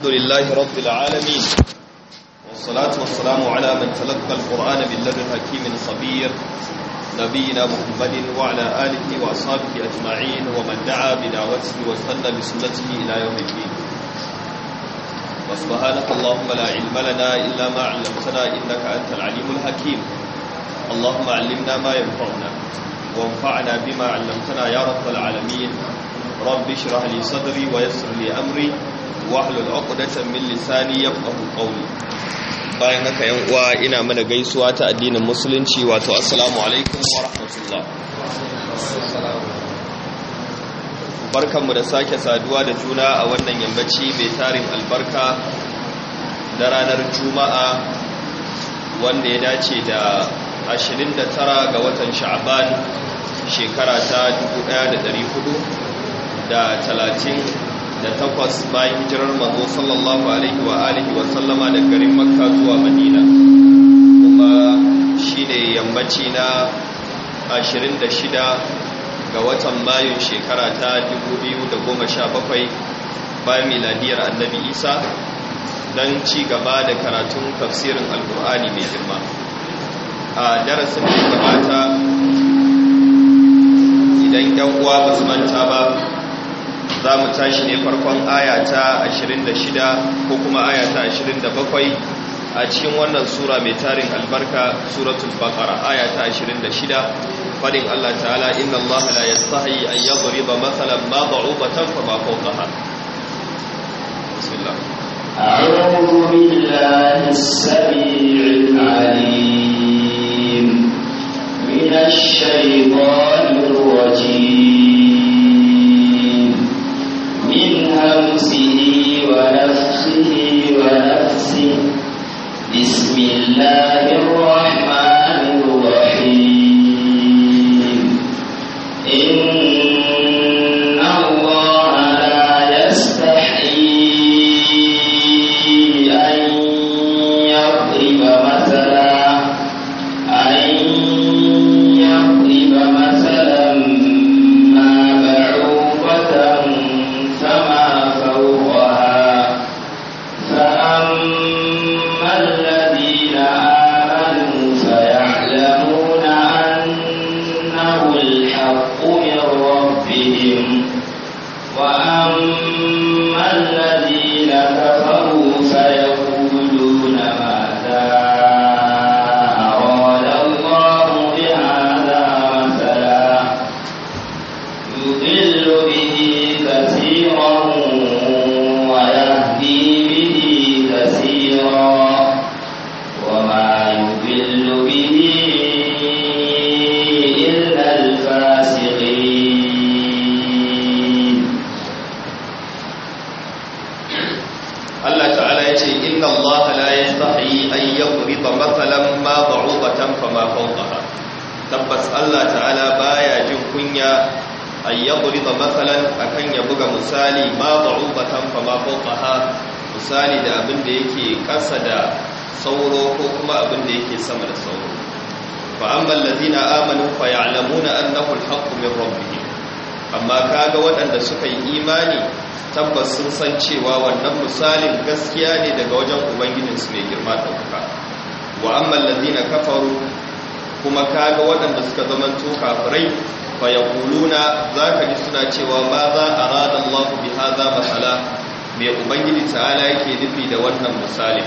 الحمد لله رب العالمين والصلاة والسلام على من تلقى القرآن باللغة الحكيم الخبير نبينا محمد وعلى آله وأصحابه أجمعين ومن دعا بدعوته واستنى بسنته إلى يوم الدين وسبحانك اللهم لا علم لنا إلا ما علمتنا إنك أنت العليم الحكيم اللهم علمنا ما ينفعنا وانفعنا بما علمتنا يا رب العالمين رب اشرح لي صدري ويسر لي أمري wahlul uqdatan min lisani yafqahu qawli bayan haka yan uwa ina mana gaisuwa ta addinin musulunci wato assalamu alaikum wa rahmatullah barkanmu da sake saduwa da juna a wannan yammaci mai tarin albarka da ranar juma'a wanda ya dace da 29 ga watan sha'aban shekara ta 1430 da takwas bayan hijirar mazo sallallahu alaihi wa alihi wa sallama da garin makka zuwa madina kuma shine yammaci na 26 ga watan mayun shekara ta 2017 bayan miladiyar annabi isa don ci gaba da karatun tafsirin alkur'ani mai girma a darasin da gabata idan yan uwa ba su manta ba za mu tashi ne farkon aya ta 26 ko kuma aya ta 27 a cikin wannan sura mai tarin albarka suratul baqara aya ta 26 fadin Allah ta'ala inna Allah la yastahi an yadriba mathalan ma da'ubatan fa ma fawqaha bismillah a'udhu billahi as-sami'il 'alim minash shaitanir rajim ونفسه ونفسه بسم الله الرحمن fawqaha tabbas Allah ta'ala baya jin kunya ay yadriba mathalan akan ya buga misali ma da'ubatan fa ma fawqaha misali da abin da yake kasa da sauro ko kuma abin da yake sama da sauro fa ammal ladina amanu fa ya'lamuna annahu al-haqqu min rabbihim amma kaga waɗanda suka yi imani tabbas sun san cewa wannan misalin gaskiya ne daga wajen ubangijinsu mai girma ɗaukaka wa amman ladina kafaru kuma kaga waɗanda suka zamanto kafirai fa yaquluna zaka ji suna cewa ma za a rada Allah bi hadha masala me ubangiji ta'ala yake nufi da wannan misali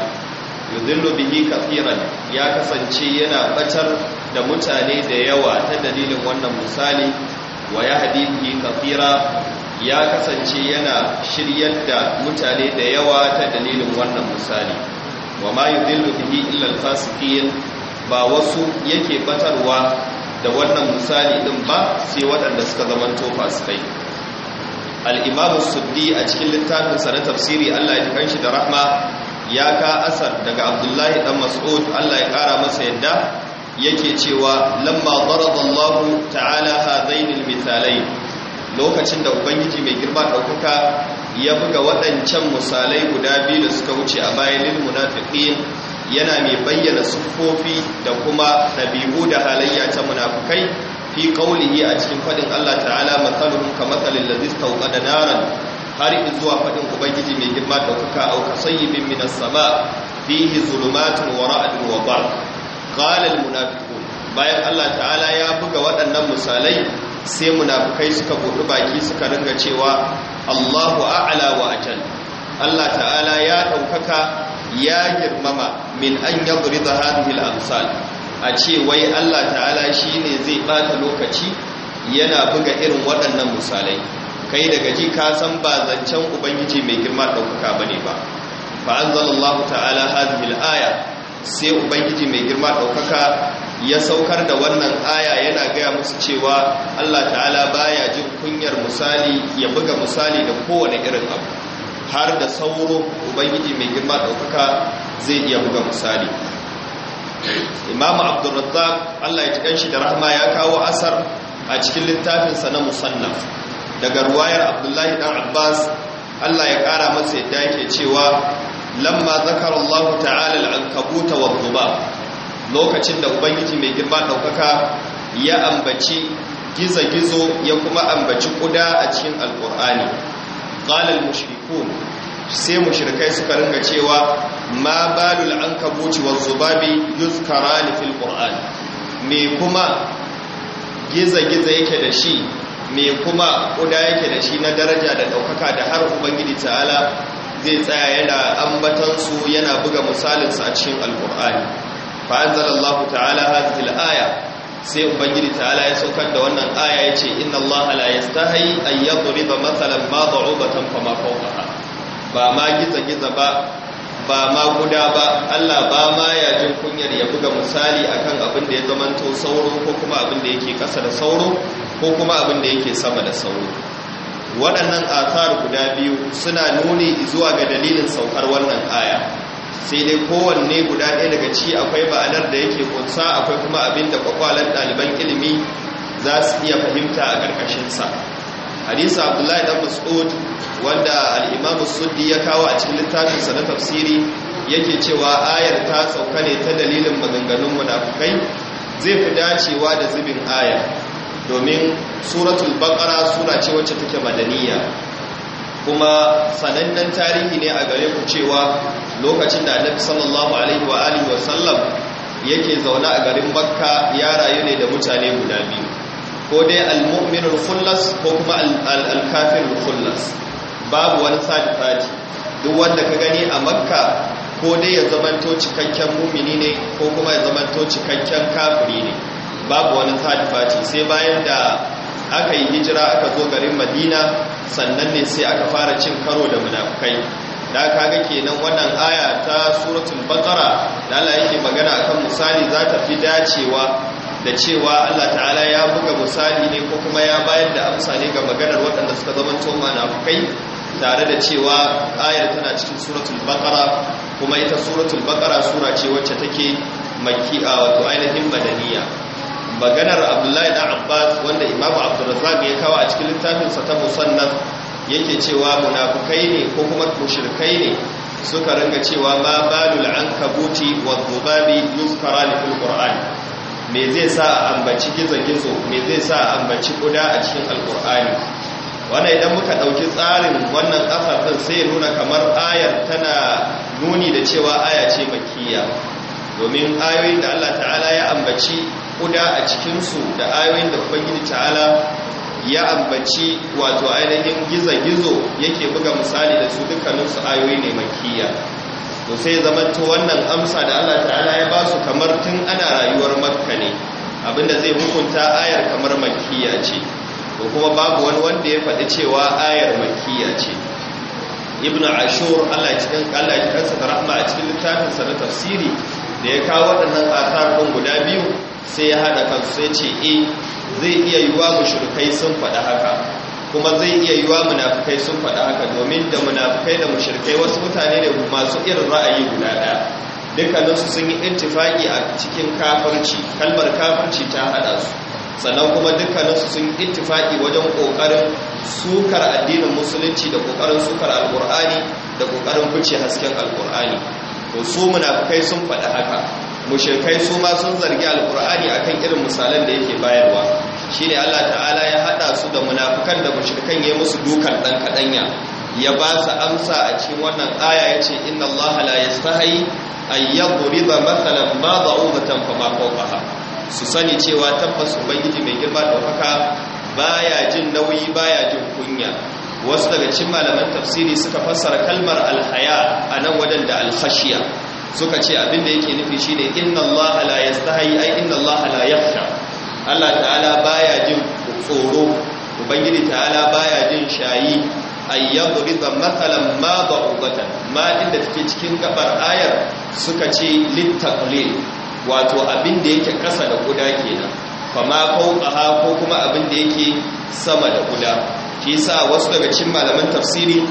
yudillu bihi kathiran ya kasance yana batar da mutane da yawa ta dalilin wannan misali wa yahdi bihi kathira ya kasance yana shiryar da mutane da yawa ta dalilin wannan misali wa ma yudillu bihi illa al-fasiqin ba wasu yake batarwa da wannan misali din ba sai waɗanda suka zamanto fasikai al-imamu suddi a cikin littafinsa na tafsiri Allah ya kanshi da rahma ya ka asar daga abdullahi dan mas'ud Allah ya ƙara masa yadda yake cewa lamma allah ta'ala hadainil misalai lokacin da ubangiji mai girma ɗaukuka ya buga waɗancan misalai guda biyu da suka wuce a bayan lil munafiqin yana mai bayyana siffofi da kuma ɗabi'u da halayya ta munafukai fi qaulihi a cikin fadin Allah ta'ala mathaluhum kamathalil ladzi da naran har zuwa fadin ubangiji mai girma da kuka auka sayyibin minas sama fihi zulumatun wa ra'dun wa barq qala al munafiqun bayan Allah ta'ala ya buga waɗannan misalai sai munafukai suka buɗi baki suka ringa cewa Allahu a'la wa ajal Allah ta'ala ya ɗaukaka ya girmama min an yabrida hadhihi al-amsal a ce wai Allah ta'ala shi ne zai bata lokaci yana buga irin waɗannan misalai kai daga ji ka san ba zancen ubangiji mai girma ɗaukaka bane ba fa anzalallahu ta'ala hadhihi al-aya sai ubangiji mai girma ɗaukaka ya saukar da wannan aya yana gaya musu cewa Allah ta'ala baya jin kunyar misali ya buga misali da kowane irin abu har da sauro ubangiji mai girma ɗaukaka zai iya buga misali imamu abdurrazzak allah ya ci shi da rahama ya kawo asar a cikin littafinsa na musannaf daga ruwayar abdullahi dan abbas allah ya kara masa yadda yake cewa lamma zakar allah ta'ala al'ankabuta wa zuba lokacin da ubangiji mai girma ɗaukaka ya ambaci gizo-gizo ya kuma ambaci kuda a cikin alƙur'ani qalal mushrikun sai mushrikai suka ringa cewa ma balul ankabuti wal zubabi yuzkarani fil qur'an me kuma giza-giza yake da shi me kuma kuda yake da shi na daraja da daukaka da har ubangiji ta'ala zai tsaya yana ambatansu yana buga misalinsu a cikin alkur'ani fa anzalallahu ta'ala hadhihi al-aya sai ubangiji ta'ala ya saukar da wannan aya ya ce inna allaha la yastahi an yadriba mathalan ma da'ubatan fama fawqaha ba ma giza giza ba ba ma guda ba Allah ba ma ya jin kunyar ya buga misali akan abin da ya zamanto sauro ko kuma abin da yake kasa da sauro ko kuma abin da yake sama da sauro waɗannan athar guda biyu suna nuni zuwa ga dalilin saukar wannan aya sai dai kowanne guda ɗaya daga ci akwai ma'anar da yake kunsa akwai kuma abin da kwakwalan ɗaliban ilimi za su iya fahimta a ƙarƙashinsa hadisu abdullahi ɗan mas'ud wanda al'imamu suddi ya kawo a cikin littafinsa na tafsiri yake cewa ayar ta sauka ne ta dalilin maganganun munafukai zai fi dacewa da zubin aya domin suratul baqara sura ce wacce take madaniya kuma sanannen tarihi ne a gare ku cewa lokacin da annabi sallallahu alaihi wa alihi wa sallam yake zauna a garin makka ya rayu ne da mutane guda biyu ko dai al-mu'minul khullas ko kuma al-kafirul khullas babu wani sadi sadi duk wanda ka gani a makka ko dai ya zamanto cikakken mumini ne ko kuma ya zamanto cikakken kafiri ne babu wani sadi sadi sai bayan da aka yi hijira aka zo garin madina sannan ne sai aka fara cin karo da munafukai da kaga kenan wannan aya ta suratul baqara da Allah yake magana akan misali za ta fi dacewa da cewa Allah ta'ala ya buga misali ne ko kuma ya bayar da amsa ne ga maganar waɗanda suka zama to na tare da cewa ayar tana cikin suratul baqara kuma ita suratul baqara sura ce wacce take makki wato ainihin madaniya maganar abdullahi da abbas wanda imamu abdurrazzaq ya kawo a cikin littafinsa ta musannaf yake cewa munafukai ne ko kuma mushrikai ne suka ringa cewa ba balul ankabuti wa dhubabi yuzkara lil qur'an me zai sa a ambaci gizo-gizo me zai sa a ambaci kuda a cikin alqur'ani wannan idan muka dauki tsarin wannan kafar din sai ya nuna kamar ayar tana nuni da cewa aya ce makkiya domin ayoyin da Allah ta'ala ya ambaci kuda a cikinsu da ayoyin da ubangiji ta'ala ya ambaci wato ainihin gizo-gizo yake buga misali da su dukkaninsu ayoyi ne makiya to sai zamanta wannan amsa da allah ta'ala ya ba su kamar tun ana rayuwar makka ne abinda zai hukunta ayar kamar makiya ce to kuma babu wani wanda ya faɗi cewa ayar makiya ce Ibn ashur allah cikin allah ya da rahma a cikin littafinsa na tafsiri da ya kawo waɗannan asar guda biyu sai ya hada kansu sai ce e zai iya yiwa mushrikai sun faɗa haka kuma zai iya yiwa munafikai sun faɗa haka domin da munafikai da mushrikai wasu mutane ne masu irin ra'ayi guda ɗaya dukkaninsu sun yi intifaki a cikin kafirci kalmar kafirci ta hada su sannan kuma dukkaninsu sun yi intifaki wajen kokarin sukar addinin musulunci da kokarin sukar alkur'ani da ƙoƙarin fice hasken alkur'ani to su munafikai sun faɗi haka mushirkai su ma sun zargi alkur'ani akan irin misalan da yake bayarwa shine Allah ta'ala ya hada su da munafikan da mushirkan yayin musu dukan dan kadanya ya ba su amsa a cikin wannan aya yace inna Allah la yastahi ay yadriba mathalan ma da'ubatan ma fawqaha su sani cewa tabbas ubangiji mai girma da haka baya jin nauyi baya jin kunya wasu daga cikin malaman tafsiri suka fassara kalmar alhaya a nan wajen da alkhashiya suka ce abinda yake nufi shine inna allaha la yastahi ai inna allaha la yakhsha Allah ta'ala baya jin tsoro ubangiji ta'ala baya jin shayi ay yadriba mathalan ma ba'udatan ma inda take cikin gabar ayar suka ce litaqlil wato abinda yake kasa da guda kenan fama fawqaha ko kuma abinda yake sama da guda shi yasa wasu daga cikin malaman tafsiri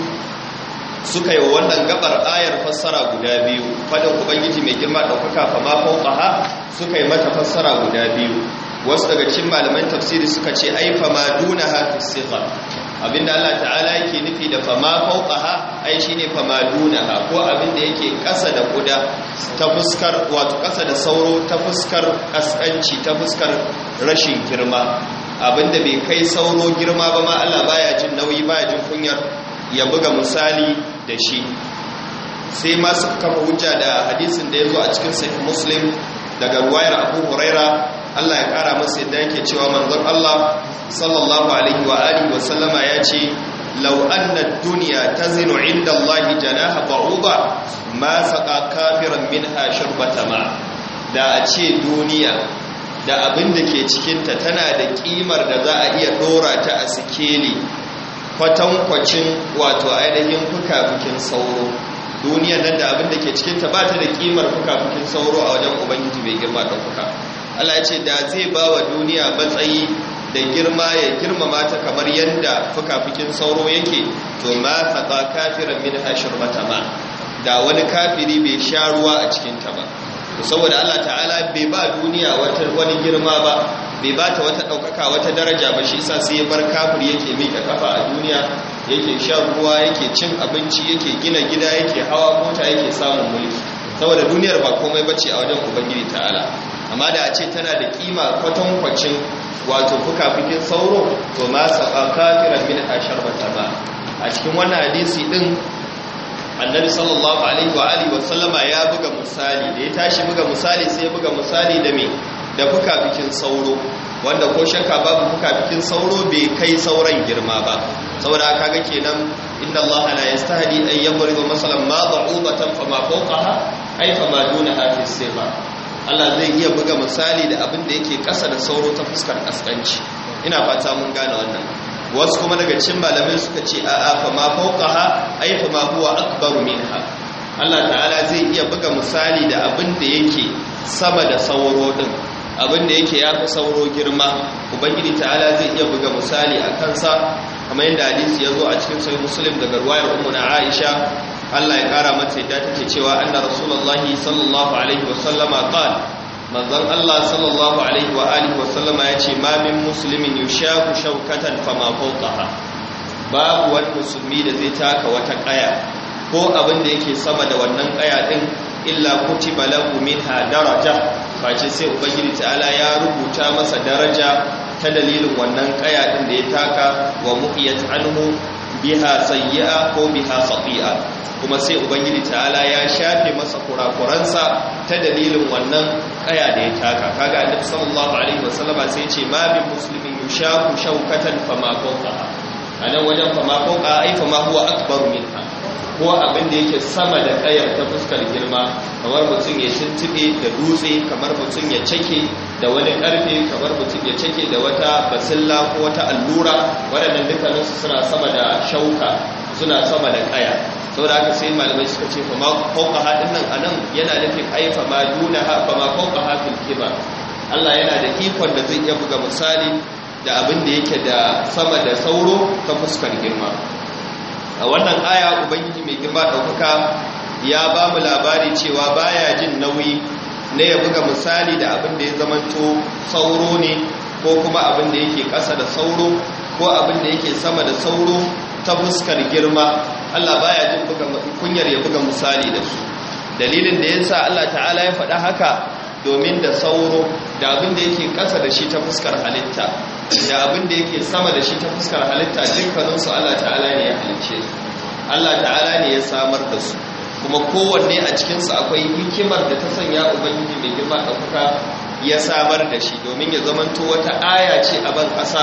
suka yi wannan gabar ayar fassara guda biyu fadin ubangiji mai girma daukaka fa ma ha? suka yi mata fassara guda biyu wasu daga cikin malaman tafsiri suka ce ai fa ma dunaha fi abinda Allah ta'ala yake nufi da fa ma ha? ai shine fa ma dunaha ko abinda yake ƙasa da kuda ta fuskar wato ƙasa da sauro ta fuskar kaskanci ta fuskar rashin girma abinda bai kai sauro girma ba ma Allah baya jin nauyi baya jin kunyar ya buga misali da shi sai ma su kafa hujja da hadisin da ya zo a cikin sai muslim daga ruwayar abu huraira allah ya kara masa yadda yake cewa manzon allah sallallahu alaihi wa alihi wa sallama ya ce law anna ta tazinu inda allah janaha uba ma saqa kafiran minha shurbata da a ce duniya da abin da ke cikinta tana da kimar da za a iya dora ta a sikeli kwatankwacin wato ainihin fukafukin sauro duniya nan da abin ke cikinta ba ta da kimar fukafukin sauro a wajen ubangiji mai girma da fuka Allah ya ce da zai ba wa duniya matsayi da girma ya girmama ta kamar yadda fukafukin sauro yake to ma taɓa kafiran min hashir ma. da wani kafiri bai sha ruwa a cikinta ba saboda Allah ta'ala bai ba duniya wani girma ba bai ba ta wata ɗaukaka wata daraja ba shi sa sai ya bar kafir yake mika kafa a duniya yake shan ruwa yake cin abinci yake gina gida yake hawa mota yake samun mulki saboda duniyar ba komai bace a wajen ubangiji ta'ala amma da a ce tana da kima kwacin wato fikin sauro to ma sa kafira min ashar ba a cikin wannan hadisi din annabi sallallahu alaihi wa alihi sallama ya buga misali da ya tashi buga misali sai buga misali da me da fukafikin sauro wanda ko shakka babu fukafikin sauro bai kai sauran girma ba saboda kaga kenan inna allaha la yastahdi an yadriba masalan ma da'ubatan fama fawqaha ay ma dunaha fi sima Allah zai iya buga misali da abin da yake kasa da sauro ta fuskar kaskanci ina fata mun gane wannan wasu kuma daga cikin malamai suka ce a'a fama fawqaha ay fama huwa akbar minha Allah ta'ala zai iya buga misali da abin da yake sama da sauro din abin da yake ya fi sauro girma ubangiji ta'ala zai iya buga misali a kansa kamar yadda hadisi ya zo a cikin sahih muslim daga ruwayar ummu na aisha Allah ya kara mata yadda take cewa anna rasulullahi sallallahu alaihi wa sallama qala Allah sallallahu alaihi wa alihi wa sallama yace ma min muslimin yushaku shaukatan fama fawqaha babu wani musulmi da zai taka wata kaya ko abin da yake sama da wannan kaya din illa kutiba lahu minha daraja face sai ubangiji ta'ala ya rubuta masa daraja ta dalilin wannan kaya din da ya taka wa muqiyat anhu biha sayyi'a ko biha khati'a kuma sai ubangiji ta'ala ya shafe masa kurakuransa ta dalilin wannan kaya da ya taka kaga annabi sallallahu alaihi wasallama sai ce ma bi muslimin yushaku shaukatan fama fawqa anan wajen fama fawqa ai fama huwa akbar minha ko abin da yake sama da ƙayar ta fuskar girma kamar mutum ya shintube da dutse kamar mutum ya cake da wani ƙarfe kamar mutum ya cake da wata basilla ko wata allura waɗannan dukkaninsu suna sama da shauka suna sama da ƙaya sau da aka sai malamai suka ce fama kauka haɗin nan a nan yana nufin ai fama duna ha fama fauka hafin kiba Allah yana da ikon da zai iya buga misali da abin da yake da sama da sauro ta fuskar girma a wannan aya ubangiji mai girma ɗaukaka ya ba mu labari cewa baya jin nauyi ne ya buga misali da abin da ya zamanto sauro ne ko kuma abin da yake ƙasa da sauro ko abin da yake sama da sauro ta fuskar girma Allah baya jin kunyar ya buga misali da su dalilin da yasa Allah ta'ala ya faɗa haka domin da sauro da abin da yake kasa da shi ta fuskar halitta da abin da yake sama da shi ta fuskar halitta su Allah ta'ala ne ya halice Allah ta'ala ne ya samar da su kuma kowanne a cikinsu akwai hikimar da ta sanya ubangiji mai girma kuka ya samar da shi domin ya zamanto wata aya ce a ban ƙasa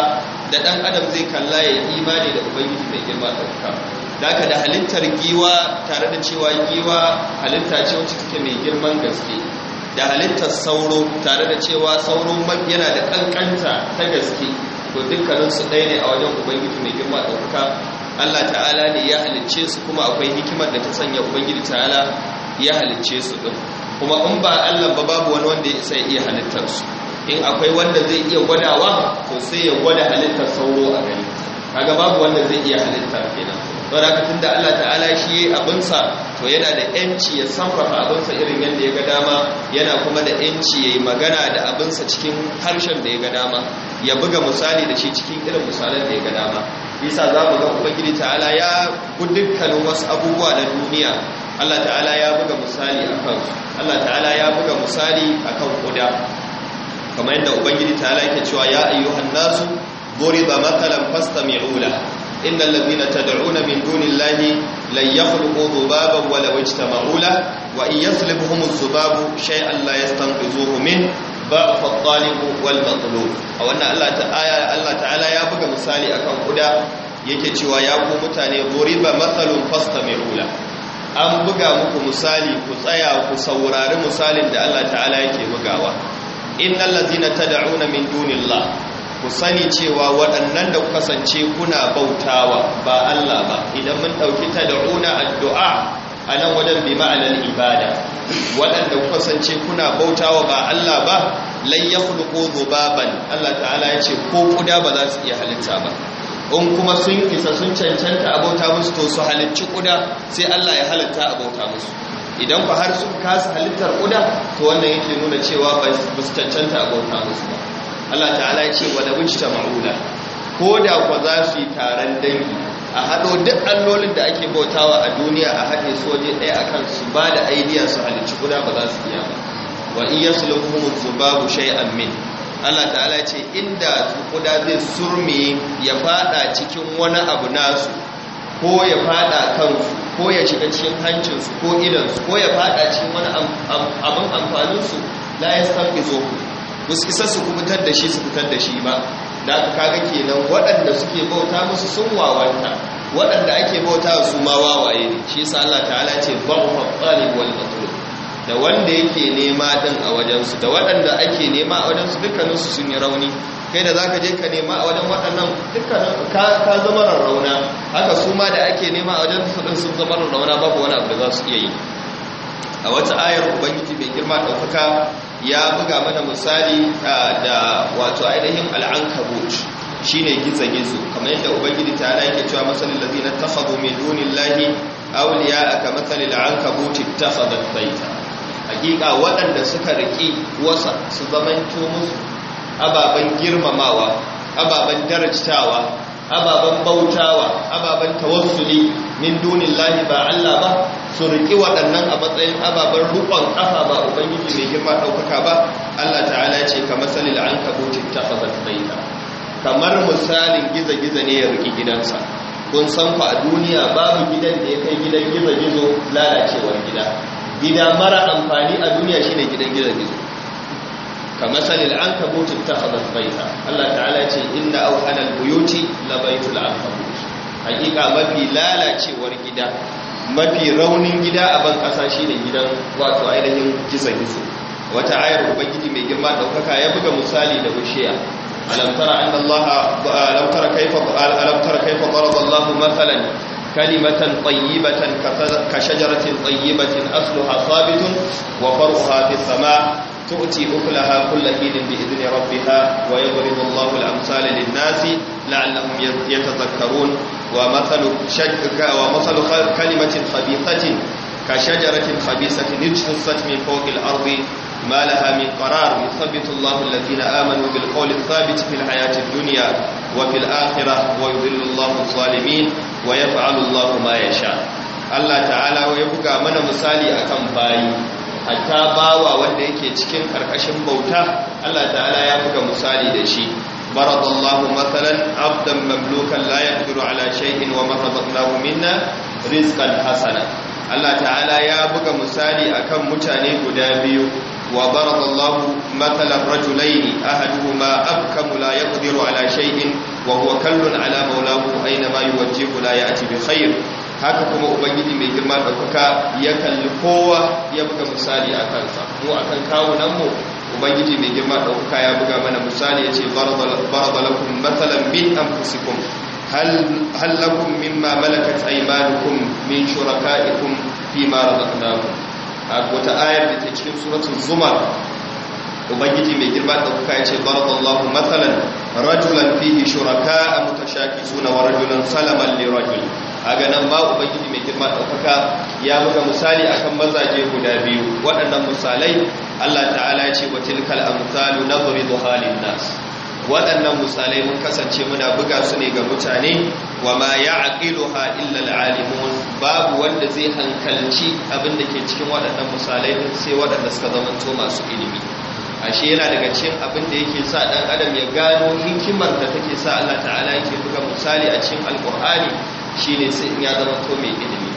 da ɗan adam zai kalla ya yi imani da ubangiji mai girma kuka Daka da halittar giwa tare da cewa giwa halitta ce wacce take mai girman gaske da halittar sauro tare da cewa sauro yana da kankanta ta gaske to dukkaninsu ɗaya ne a wajen ubangiji mai girma ɗauka, allah ta'ala ne ya halicce su kuma akwai hikimar da ta sanya ubangiji ta'ala ya halicce su ɗin kuma in ba allah ba babu wani wanda ya sai iya halittar su in akwai wanda zai iya gwadawa to sai ya gwada halittar sauro a gani kaga babu wanda zai iya halittar kenan don haka da Allah ta'ala shi yi abinsa to yana da yanci ya sarrafa abinsa irin yadda ya ga dama yana kuma da yanci ya yi magana da abinsa cikin harshen da ya ga dama ya buga misali da shi cikin irin misalan da ya ga dama bisa za mu ga ubangiji ta'ala ya ku dukkanin wasu abubuwa na duniya Allah ta'ala ya buga misali akan Allah ta'ala ya buga misali akan kuda kamar yadda ubangiji ta'ala yake cewa ya ayyuhan nasu ضرب مثلا فاستمعوا إن الذين تدعون من دون الله لن يخلقوا ذبابا ولو اجتمعوا له وإن يسلبهم الذباب شيئا لا يستنقذوه منه ضعف الطالب والمطلوب أو أن الله تعالى يبقى مثالي أكون قدا yake cewa ya ku mutane ba matsalin fasta mai hula an buga muku misali ku tsaya ku saurari misalin da Allah ta'ala yake bugawa innal ladzina tad'una min dunillah ku sani cewa waɗannan da kasance kuna bautawa ba Allah ba idan mun ɗauki ta da una addu'a a nan wajen bi ma'anar ibada waɗanda ku kasance kuna bautawa ba Allah ba lan ya ko zubaban Allah ta'ala ya ce ko kuda ba za su iya halitta ba in kuma sun isa sun cancanta abauta musu to su halicci kuda sai Allah ya halitta abauta musu idan ba har sun kasa halittar kuda to wannan yake nuna cewa ba su cancanta abauta musu ba Allah ta'ala ya ce wuce ta ma'ula ko da kwa za su yi taron dangi a haɗo duk allolin da ake bautawa a duniya a haɗe soje ɗaya a kan su ba da aidiya su halicci guda ba za su iya ba wa in yasluhum zubabu sha'i Amin. Allah ta'ala ce inda kuda zai surme ya fada cikin wani abu nasu ko ya fada kansu ko ya shiga cikin hancinsu ko idansu ko ya fada cikin wani abin amfaninsu la ya sarki zo ku musu isa su kubutar da shi su fitar da shi ba da aka kaga kenan waɗanda suke bauta musu sun wawanta waɗanda ake bauta su ma wawaye ne shi sa Allah ta'ala ce ba'fa talib wani matlub da wanda yake nema ɗin a wajensu da waɗanda ake nema a wajen su sun yi rauni kai da zaka je ka nema a wajen waɗannan dukkanin ka ka zama rarrauna haka su ma da ake nema a wajen su sun zama rauna babu wani abu da za su iya yi a wata ayar ubangiji mai girma ɗaukaka ya buga mana misali da wato ainihin al'ankabut shine gizo-gizo kamar yadda ubangiji ta ala yake cewa masalin lazi na takhadu min dunin lahi auliya a ka matsalin al'ankabuti baita hakika waɗanda suka riƙi wasa su zamanto musu ababen girmamawa ababen darajtawa ababen bautawa ababen tawassuli min dunin lahi ba allah ba su riƙi waɗannan a matsayin ababen rukon ƙafa ba ubangiji mai girma ɗaukaka ba allah ta'ala ce ka Salil an kabuci ta fasar baita kamar misalin giza-giza ne ya riƙi gidansa kun san ku a duniya babu gidan da ya kai gidan gizo-gizo lalacewar gida gida mara amfani a duniya shine gidan gizo-gizo kamar salil an kabuci ta baita allah ta'ala ce inda auhanal buyuti labaitul an kabuci hakika mafi lalacewar gida mafi raunin gida a ban ƙasa shi ne gidan wato ainihin gizo-gizo wata ayar ubangiji mai girma ɗaukaka ya buga misali da bushiya alamtara an allaha alamtara kaifa alamtara kaifa allahu matsalan kalimatan tayyibatan ka shajaratin tayyibatin asluha sabitun wa far'uha fis sama تؤتي أكلها كل حين بإذن ربها ويضرب الله الأمثال للناس لعلهم يتذكرون ومثل شك ومثل كلمة خبيثة كشجرة خبيثة اجتثت من فوق الأرض ما لها من قرار يثبت الله الذين آمنوا بالقول الثابت في الحياة الدنيا وفي الآخرة ويذل الله الظالمين ويفعل الله ما يشاء الله تعالى ويبقى من مثالي أكم باي hatta bawa wanda yake cikin karkashin bauta Allah ta'ala ya buga misali da shi baradallahu mathalan abdan mamlukan la yaqdiru ala shay'in wa marzaqnahu minna rizqan hasana Allah ta'ala ya buga misali akan mutane guda biyu wa baradallahu mathalan rajulaini ahaduhuma abkamu la yaqdiru ala shay'in wa huwa kallun ala mawlahu aina ma yuwajjihu la ya'ti bi khair haka kuma ubangiji mai girma da kuka ya kalli kowa ya buga misali a kansa mu a kan mu? ubangiji mai girma da kuka ya buga mana misali ya ce barabalakun matsalan min amfusikun hallakun mimma malakat aimanukum min shuraka'ikum fi ma razaqnakum a wata ayar da ta cikin suratul zumar ubangiji mai girma da kuka ya ce baraballahu matsalan rajulan fihi shuraka'a mutashaki suna wa rajulan salaman li rajul kaga nan ba ubangiji mai girma ɗaukaka ya buga misali akan mazaje guda biyu waɗannan misalai Allah ta'ala ya ce wa tilkal amsalu nadridu halin nas waɗannan misalai mun kasance muna buga su ne ga mutane wa ma ya'qiluha illa al'alimun babu wanda zai hankalci abin da ke cikin waɗannan misalai sai waɗanda suka to masu ilimi ashe yana daga cikin abin da yake sa dan adam ya gano hikimar da take sa Allah ta'ala yake buga misali a cikin alqur'ani Shi ne sai in ya zama to mai ilimi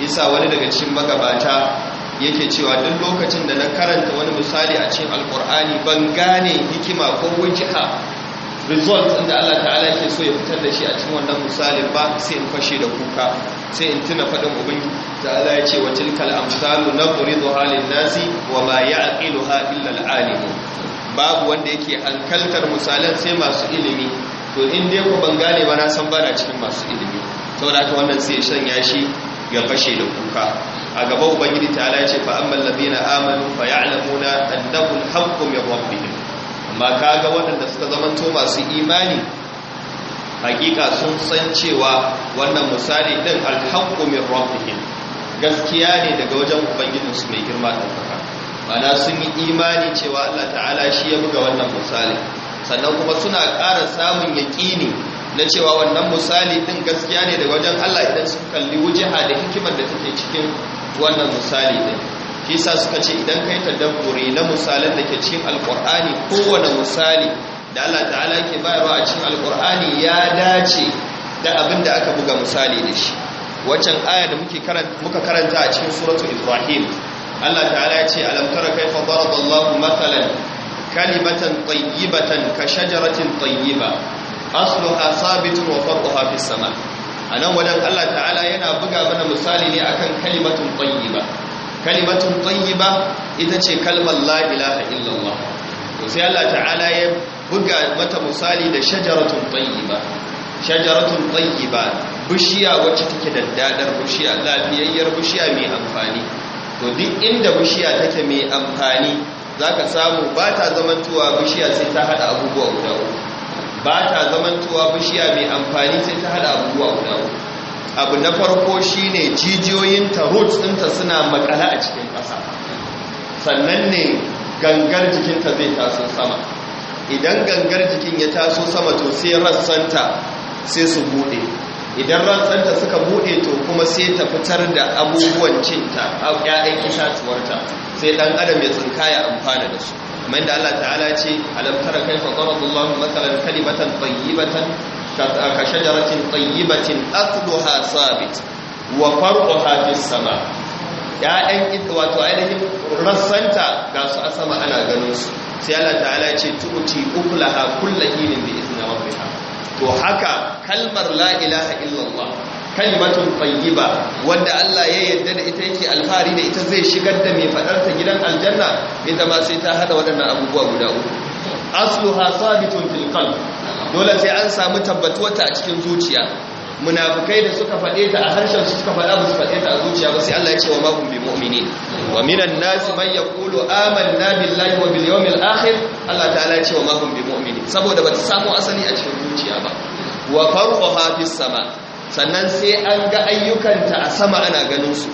yasa wani daga cikin magabata yake cewa duk lokacin da na karanta wani misali a cikin alkur'ani ban gane hikima ko wajiha result inda Allah ta'ala yake so ya fitar da shi a cikin wannan misali ba sai in fashe da kuka sai in tuna faɗin ubangiji Allah ya ce wa tilkal amsalu naqridu halin nasi wa ma ya'qiluha illa al-alim babu wanda yake hankaltar misalan sai masu ilimi to in dai ku ban gane ba na san bana cikin masu ilimi saboda haka wannan sai shanya shi ya fashe da kuka a gaba ubangiji ta ala ce fa amman ladina amanu fa ya'lamuna annahu al-haqqu min rabbihim amma kaga waɗanda suka zamanto masu imani hakika sun san cewa wannan misali din al-haqqu min rabbihim gaskiya ne daga wajen ubangijinsu mai girma da ɗaukaka mana sun yi imani cewa Allah ta'ala shi ya buga wannan misali sannan kuma suna ƙara samun yaƙini na cewa wannan misali din gaskiya ne da wajen Allah idan su kalli wujiha da hikimar da take cikin wannan misali din Kisa suka ce idan kai tadabburi na misalan da ke cikin alqur'ani kowane misali da Allah ta'ala yake bayarwa a cikin alqur'ani ya dace da abin da aka buga misali da shi waccan aya da muke karanta muka karanta a cikin suratul ibrahim Allah ta'ala ya ce alam tara kaifa daraba Allahu mathalan kalimatan tayyibatan ka shajaratin ba. asluha sabitun wa farquha fis sama anan wajen Allah ta'ala yana buga mana misali ne akan kalimatun tayyiba kalimatun tayyiba ita ce kalmar la ilaha illallah to sai Allah ta'ala ya buga mata misali da shajaratun tayyiba shajaratun tayyiba bishiya wacce take da dadar bishiya lafiyayyar bishiya mai amfani to duk inda bishiya take mai amfani zaka samu ba ta zamantowa bishiya sai ta hada abubuwa guda uku ba ta zaman tuwa bishiya mai amfani sai ta hada abubuwa guda abu na farko shine jijiyoyinta roots ɗinta suna makala a cikin ƙasa sannan ne gangar jikinta zai taso sama idan gangar jikin ya taso sama to sai rassanta sai su buɗe. idan rassanta suka buɗe to kuma sai ta fitar da abubuwan cinta 'ya'yan itatuwarta sai ɗan adam ya tsinkaya amfana da su kamar da Allah ta'ala ce alam tara kaifa qaradallahu mathalan kalimatan tayyibatan ka shajaratin tayyibatin aqduha sabit wa farquha fis sama ya'yan wato ainihin rassanta ga su a sama ana ganin su sai Allah ta'ala ce tu'ti ukulaha kullahinin bi izni ha. to haka kalmar la ilaha illallah kalimatun tayyiba wanda Allah ya yarda da ita yake alfahari da ita zai shigar da mai fadar ta gidan aljanna ita ma sai ta hada waɗannan abubuwa guda uku asluha sabitun fil qalb dole sai an samu tabbatuwarta a cikin zuciya munafikai da suka faɗe ta a harshen su suka faɗa musu faɗe ta a zuciya ba sai Allah ya ce wa mahum bi mu'minin wa minan nas man yaqulu amanna billahi wa bil yawmil akhir Allah ta'ala ya ce wa mahum bi mu'minin saboda ba ta samu asali a cikin zuciya ba wa farquha fis sama' sannan sai an ga ayyukanta a sama ana ganin su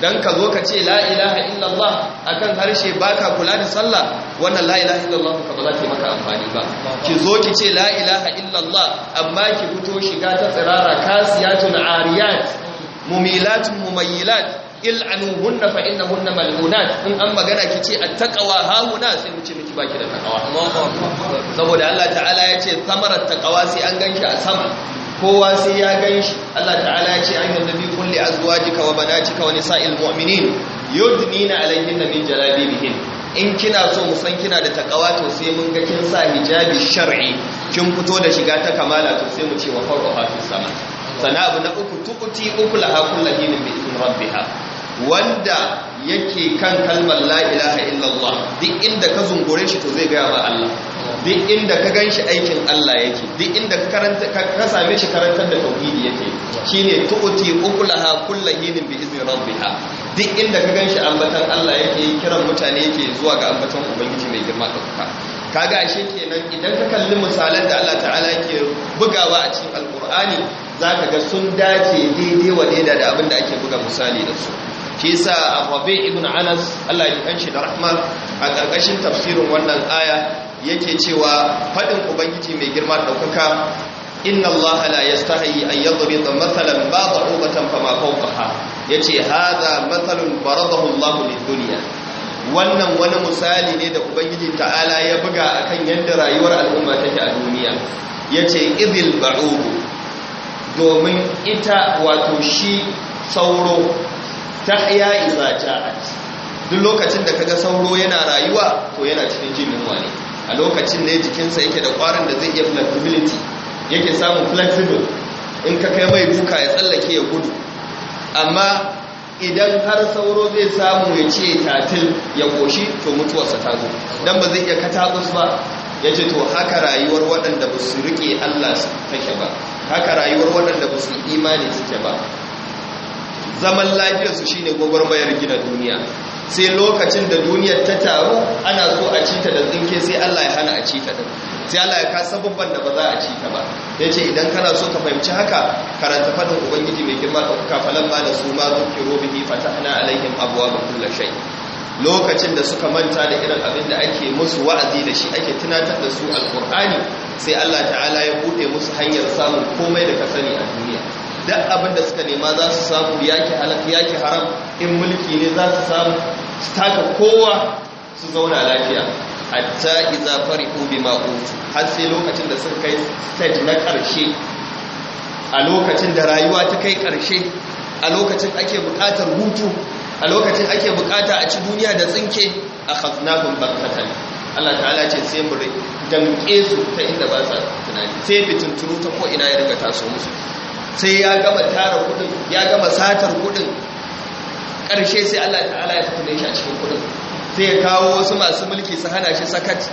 dan ka zo ka ce la'ilaha illallah akan harshe baka kula da sallah wannan la'ilaha illallah ka ba za ta maka amfani ba ki zo ki ce la'ilaha illallah amma ki fito shiga ta tsirara kasiyatun ariyat mumilatun mumayyilat il'anuhunna fa innahunna mal'unat in an magana kice attaqwa hauna sai mu ce miki baki da taqwa saboda Allah ta'ala yace samarar taqwa sai an ganki a sama kowa sai ya gan shi Allah ta'ala ya ce ayyuhan nabi kulli azwajika wa banatika wa nisa'il mu'minin yudnina alayhinna min jalabibihin in kina so mu san kina da takawa to sai mun ga kin sa hijabi shar'i kin fito da shiga ta kamala to sai mu ce wa farqa fi sama sana abu na uku tukuti ukula hakul ladina bi ismi rabbiha wanda yake kan kalmar la ilaha illallah duk inda ka zungure shi to zai ga wa Allah duk inda ka gan shi aikin Allah yake duk inda ka same shi karantar da tauhidi yake shine tu'ti ukulaha kullu hinin bi izni rabbiha duk inda ka ganshi shi ambatan Allah yake kiran mutane yake zuwa ga ambatan ubangiji mai girma da ga kaga ashe kenan idan ka kalli misalan da Allah ta'ala ke bugawa a cikin alkur'ani zaka ga sun dace daidai wa daidai da abin ake buga misali da su shi yasa Rabi ibn Anas Allah ya kanshi da rahma a ƙarƙashin tafsirin wannan aya yake cewa faɗin ubangiji mai girma ɗaukaka inna allaha la yastahi an yadrida mathalan fa ma fawqaha yace hada mathalun baradahu allah lid-dunya wannan wani misali ne da ubangiji ta'ala ya buga akan yadda rayuwar al'umma take a duniya yace idil ba'udu domin ita wato shi sauro ta iza ta'at duk lokacin da kaga sauro yana rayuwa to yana cikin jin yunwa ne a lokacin ne jikinsa yake da kwarin da zai iya flexibility yake samun flexible in ka kai mai duka ya tsallake ya gudu amma idan har sauro zai samu ya ce tatil ya koshi to mutuwarsa ta zo don ba zai iya katakus ba ya ce to haka rayuwar waɗanda ba su riƙe Allah take ba haka rayuwar waɗanda ba su imani suke ba zaman lafiyarsu shine gwagwarmayar gina duniya sai lokacin da duniyar ta taru ana so a cita da tsinke sai Allah ya hana a cita da sai Allah ya kasa babban da ba za a cita ba ya ce idan kana so ka fahimci haka karanta fadin ubangiji mai girma da kuka falan ba da su ma zukiro fata fatahna alaihim abuwa ba kulli shai. lokacin da suka manta da irin abin da ake musu wa'azi da shi ake tunatar da su alkur'ani sai Allah ta'ala ya buɗe musu hanyar samun komai da ka sani a duniya duk abin da suka nema za su samu yaki halak yaki haram in mulki ne za su samu su taka kowa su zauna lafiya hatta iza fari bima utu har sai lokacin da suka kai stage na karshe a lokacin da rayuwa ta kai karshe a lokacin ake bukatar hutu a lokacin ake bukata a ci duniya da tsinke a khaznahum barkatan Allah ta'ala ce sai mu dan su ta inda ba sa tunani sai fitintunu ta ko ina ya riga taso musu sai ya gama tara kudin ya gama satar kudin ƙarshe sai Allah ta'ala ya fito da shi a cikin kudin sai ya kawo wasu masu mulki su hana shi sakat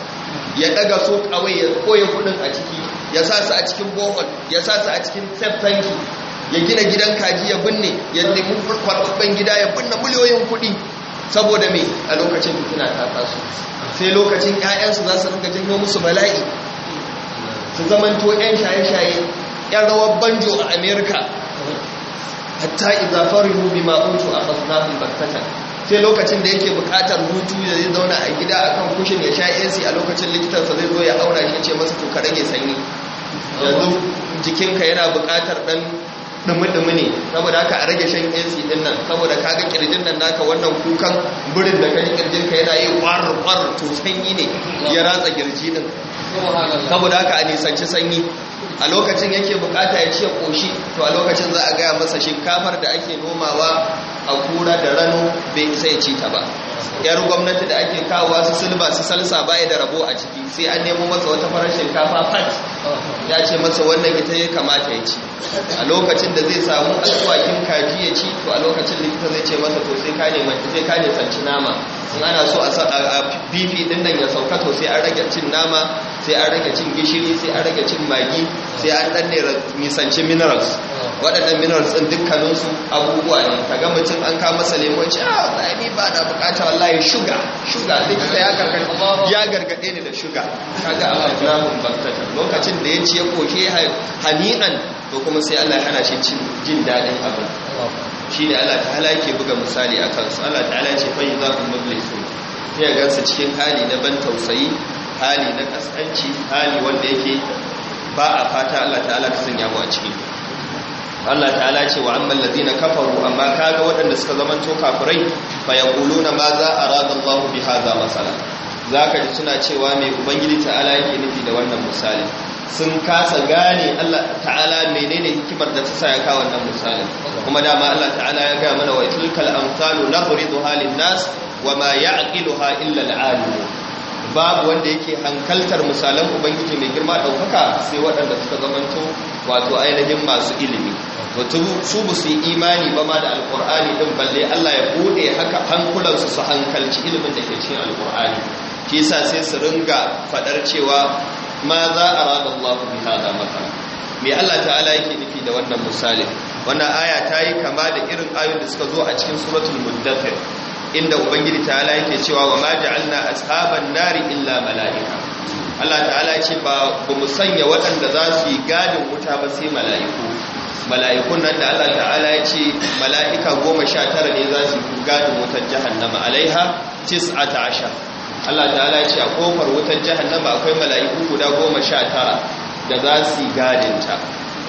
ya daga so kawai ya koye kudin a ciki ya sa su a cikin bohol ya sa su a cikin tanki ya gina gidan kaji ya binne ya nemi kwarbabban gida ya binne miliyoyin kudi saboda me a lokacin suna ta taso sai lokacin ƴaƴansu za su rinka janyo musu bala'i su zamanto ƴan shaye-shaye yan rawar banjo a Amerika. hatta idza farihu bima untu akhadnahum baktatan sai lokacin da yake bukatar hutu ya zai zauna a gida akan kushin ya sha AC a lokacin likitansa zai zo ya aura shi ce masa to ka rage sanyi yanzu jikinka yana bukatar dan dumi-dumi ne saboda haka a rage shan AC din nan saboda ga kirjin nan naka wannan kukan burin da kai kirjin ka yana yi kwarar kwarar to sanyi ne ya ratsa kirji din saboda haka a nisanci sanyi a lokacin yake bukata ya ce koshi to a lokacin za a gaya masa shinkafar da ake nomawa a kura da rano bai isa ya ci ta ba yar gwamnati da ake kawowa su silba su salsa baya da rabo a ciki sai an nemo masa wata farar shinkafa fat ya ce masa wannan ita ya kamata ya ci a lokacin da zai samu alfakin kaji ya ci to a lokacin likita zai ce masa to sai ka ne sai ka ne nama in ana so a bifi din nan ya sauka to sai an rage cin nama sai an rage cin gishiri sai an rage cin magi sai an dan ne nisanci minerals waɗannan minerals ɗin dukkaninsu abubuwa ne ka ga mutum an kama masa lemo ce a ah, ni ba na bukata wallahi shuga shuga ya gargaɗe ya gargaɗe ni da shuga kaga amma namun baktata lokacin da ya ya koke hani'an to kuma sai Allah hana shi jin daɗin abu shi ne Allah ta'ala yake buga misali a kansu Allah ta'ala ce fa za ku mublisu ya gansa cikin hali na ban tausayi hali na kaskanci hali wanda yake ba a fata Allah ta'ala Ta sanya mu a ciki Allah ta'ala ce wa amman ladina kafaru amma kaga waɗanda suka zamanto kafirai fa yaquluna ma za arada Allah bi hadha masala zaka ji suna cewa mai ubangiji ta'ala yake nufi da wannan misali sun kasa gane Allah ta'ala menene hikimar da ta sa ya kawo wannan misali kuma dama Allah ta'ala ya ga mana wa tilkal amsalu naqridu halin nas wa ma ya'qiluha illa al babu wanda yake hankaltar misalan ubangiji mai girma ɗaukaka sai waɗanda suka zamanto wato ainihin masu ilimi wato su bu su imani ba ma da alkur'ani ɗin balle allah ya buɗe haka hankulansu su hankalci ilimin da ke cikin alkur'ani ke sa sai su ringa faɗar cewa ma za a rada allahu bi hada maka? me allah ta'ala yake nufi da wannan misali? wannan aya ta yi kama da irin ayoyin da suka zo a cikin suratul muddathir inda ubangiji ta'ala yake cewa wa ma ja'alna ashaban nari illa mala'ika Allah ta'ala ya ce ba mu sanya waɗanda za su yi gadin wuta ba sai mala'iku mala'ikun nan da Allah ta'ala ya ce mala'ika goma sha tara ne za su yi gadin wutar jahannama alaiha tis'ata Asha. Allah ta'ala ya ce a kofar wutar jahannama akwai mala'iku guda goma sha tara da za su yi ta.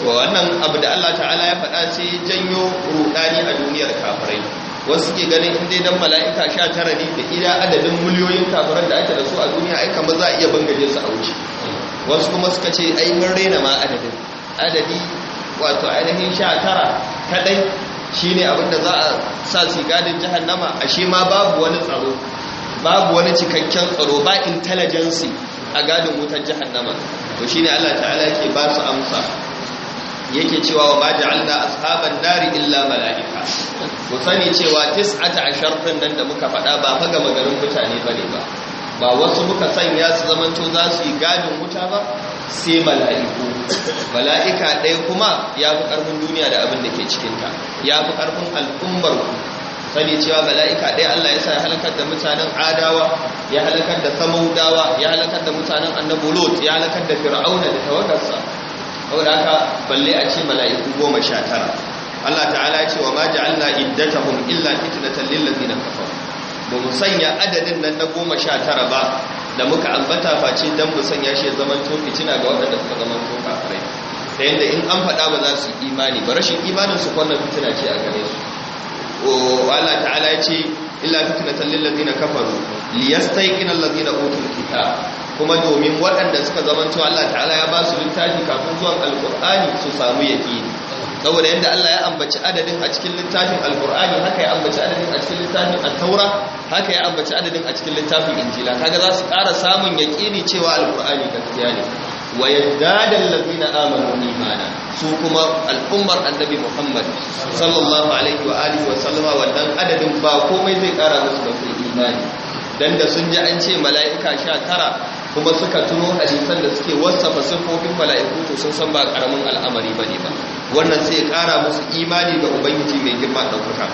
to wannan abu da Allah ta'ala ya faɗa ce janyo rudani a duniyar kafirai wasu ke ganin in dai dan mala'ika sha tara ne da ila adadin miliyoyin kafiran da ake da su a duniya ai kamar za a iya bangaje su a wuce wasu kuma suka ce ai mun raina ma adadin adadi wato ainihin sha tara kadai shine abin da za a sa su gadin jahannama ashe ma babu wani tsaro babu wani cikakken tsaro ba intelligence a gadin wutar jahannama to shine Allah ta'ala yake ba su amsa yake cewa wa ma ja'alna ashaban nari illa malaika ku sani cewa 19 din nan da muka faɗa ba ga magarin mutane bane ba ba wasu muka sanya su zamanto za su yi gadin wuta ba sai mala'iku mala'ika ɗaya kuma ya fi ƙarfin duniya da abin da ke cikinta ya fi ƙarfin al'ummar ku sani cewa mala'ika ɗaya Allah ya sa ya halakar da mutanen adawa ya halakar da samaudawa ya halakar da mutanen Annabulot, ya halakar da fir'auna da tawagarsa saboda haka balle a ce mala'iku goma sha tara Allah ta'ala ya ce wa ma ja'alna iddatahum illa fitnatan lil ladina kafaru ba mu sanya adadin nan na goma sha tara ba da muka ambata face dan mu sanya shi zaman tofi fitina ga wanda suka zaman to kafirai ta yadda in an faɗa ba za su imani ba rashin imanin su kwanan fitina ce a gare su Allah ta'ala ya ce illa fitnatan lil ladina kafaru liyastayqina alladhina utul kitab kuma domin waɗanda suka zamanto Allah ta'ala ya ba su littafi kafin zuwan alkur'ani su samu yaƙini saboda yadda Allah ya ambaci adadin a cikin littafin alkur'ani haka ya ambaci adadin a cikin littafin at-taura haka ya ambaci adadin a cikin littafin injila kaga za su ƙara samun yaƙini cewa alkur'ani gaskiya ne wa yaddadan ladina amanu imana su kuma al'ummar annabi Muhammad sallallahu alaihi wa alihi wa sallama wannan adadin ba komai zai ƙara musu da imani dan da sun ji an ce mala'ika 19 kuma suka turo hadisan da suke wasafa siffofin mala'iku to sun san ba karamin al'amari bane ba wannan sai ya kara musu imani ga ubangiji mai girma dauka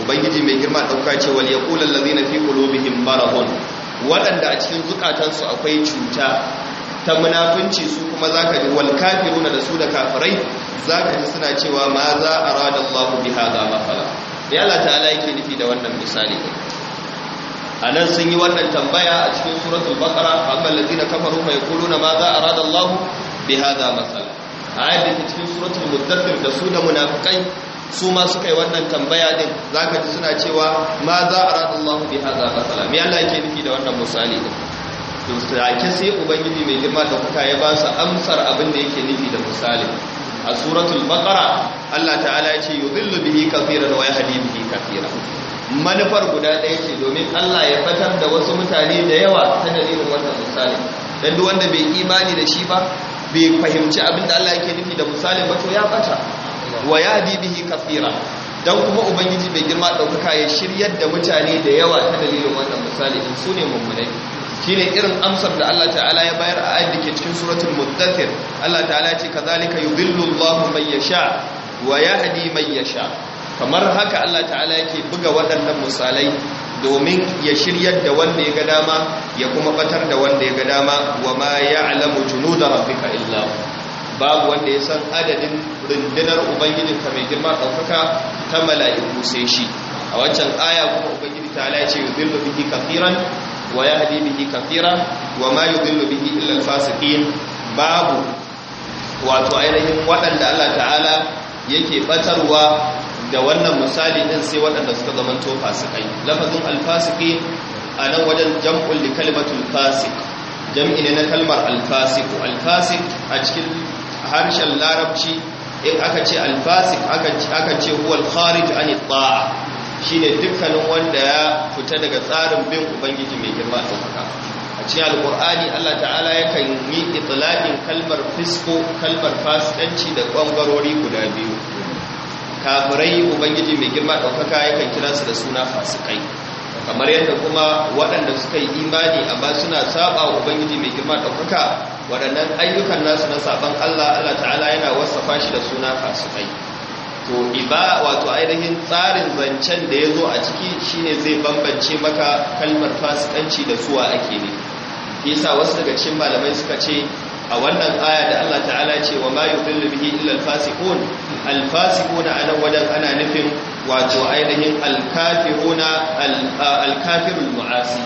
ubangiji mai girma dauka ce wal yaqul allazina fi qulubihim marahun wadanda a cikin zukatansu akwai cuta ta munafunci su kuma zaka ji wal kafiruna da su da kafirai zaka ji suna cewa ma za aradallahu bi hadha mafala ya Allah ta'ala yake nufi da wannan misali a nan sun yi wannan tambaya a cikin suratul baqara amma allazina kafaru fa yaquluna ma za arada Allah bi hadha masala ayat da cikin suratul muddathir da su da munafikai su ma suka yi wannan tambaya din zaka ji suna cewa ma za arada Allah bi hadha masala me Allah yake nufi da wannan misali din to sake sai ubangiji mai girma da kuka ya ba su amsar abin da yake nufi da misali a suratul baqara Allah ta'ala ya ce yudhillu bihi kathiran wa yahdi bihi kathiran manufar guda ɗaya ce domin Allah ya fatar da wasu mutane da yawa ta dalilin wannan misali. dan duk wanda bai imani da shi ba bai fahimci abin da Allah yake nufi da misali ba to ya bata wa yadi bihi kafira dan kuma ubangiji bai girma daukaka ya shiryar da mutane da yawa ta dalilin wannan misali in sune mummunai shine irin amsar da Allah ta'ala ya bayar a ayat dake cikin suratul muddathir Allah ta'ala ya ce kazalika yudillu Allahu man yasha wa yahdi man yasha kamar haka Allah ta'ala yake buga waɗannan misalai domin ya shiryar da wanda ya ga dama ya kuma batar da wanda ya ga dama wa ma ya'lamu junuda rabbika illa babu wanda ya san adadin rundunar ubangijinka mai girma ɗaukaka ta mala'iku sai shi a waccan aya kuma ubangiji ta ala ce yudhillu bihi kathiran wa yahdi bihi kathira wa ma yudhillu bihi illa al-fasiqin babu wato ainihin waɗanda Allah ta'ala yake batarwa da wannan misali din sai waɗanda suka zamanto fasikai lafazin alfasiki a nan wajen jam'ul li kalimatul fasik jam'i ne na kalmar alfasiku alfasik a cikin harshen larabci in aka ce alfasik aka ce huwal kharij an ta'a shine dukkanin wanda ya fita daga tsarin bin ubangiji mai girma a haka a cikin alqur'ani Allah ta'ala yakan yi itlaqin kalmar fisko kalmar fasikanci da bangarori guda biyu kafirai ubangiji mai girma ɗaukaka yakan kira su da suna fasikai kamar yadda kuma waɗanda suka yi imani amma suna saba ubangiji mai girma ɗaukaka waɗannan ayyukan nasu na saban allah allah ta'ala yana wasafa shi da suna fasikai to iba wato ainihin tsarin zancen da ya zo a ciki shine zai bambance maka kalmar fasikanci da suwa ake ne yasa wasu daga cikin malamai suka ce a wannan aya da Allah ta'ala ce wa ma yudillu bihi illa al-fasiqun al-fasiquna ana wajen ana nufin wato ainihin al-kafiruna al-kafirul mu'asi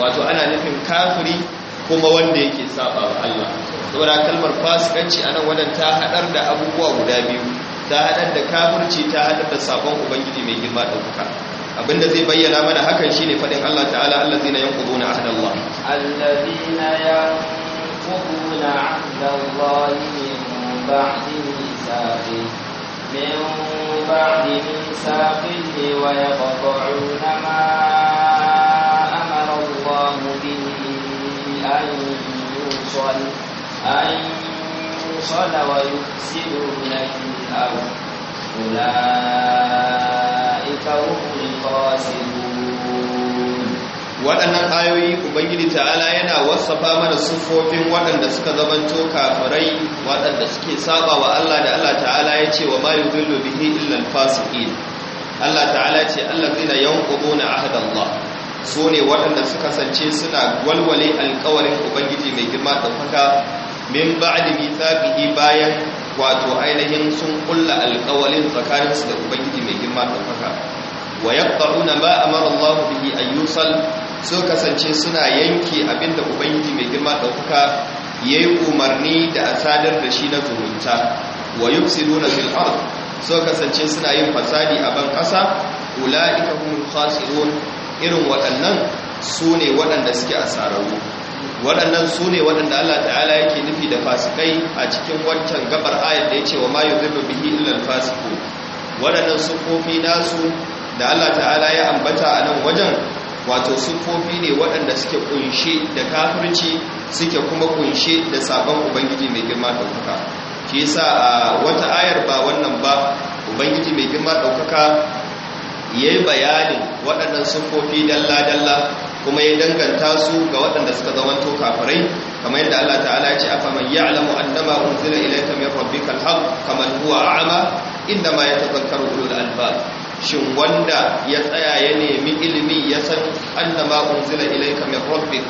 wato ana nufin kafiri kuma wanda yake saba wa Allah saboda kalmar fasikanci anan wajen ta hadar da abubuwa guda biyu ta hadar da kafirci ta hadar da sabon ubangiji mai girma da buka abinda zai bayyana mana hakan shine fadin Allah ta'ala allazina yanquduna ahdallah allazina ya. ينقضون عهد الله من بعد ميثاقه من بعد ميثاقه ويقطعون ما أمر الله به أن يوصل أن يوصل ويفسدون في الأرض أولئك هم الخاسرون waɗannan ayoyi ubangiji ta'ala yana wasafa mana siffofin waɗanda suka zamanto kafirai waɗanda suke saba wa Allah da Allah ta'ala ya ce wa ma yuzillu bihi illa al-fasiqin Allah ta'ala ce allazina yanquduna ahdallah su ne waɗanda suka sance suna walwale alƙawarin ubangiji mai girma ɗaukaka min ba'di mithaqihi bayan wato ainihin sun kulla alƙawalin tsakaninsu da ubangiji mai girma ɗaukaka wa yaqta'una ma amara Allah bihi ayusal su kasance suna yanke abinda ubangiji mai girma ɗaukaka ya yi umarni da a sadar da shi na zumunta wa yi nuna fil ard kasance suna yin fasadi a ban ƙasa ula'ika humul khasirun irin waɗannan su ne waɗanda suke asararru waɗannan su ne waɗanda Allah ta'ala yake nufi da fasikai a cikin wancan gabar ayat da ya ce wa ma yuzibbu bihi illa al-fasiqun waɗannan kofi nasu da Allah ta'ala ya ambata a nan wajen wato sufofi ne waɗanda suke kunshe da kafirci suke kuma kunshe da sabon ubangiji mai girma ɗaukaka Ke sa a wata ayar ba wannan ba ubangiji mai girma ɗaukaka ya yi bayanin waɗannan sufofi dalla-dalla kuma ya danganta su ga waɗanda suka zamanto kafirai kamar yadda Allah ta'ala ya ce afaman ya'lamu annama unzila ilayka min rabbikal haqq kaman huwa a'ma inda ma yatazakkaru ulul albab shin wanda ya tsaya ya nemi ilimi ya san annama unzila ilayka min rabbik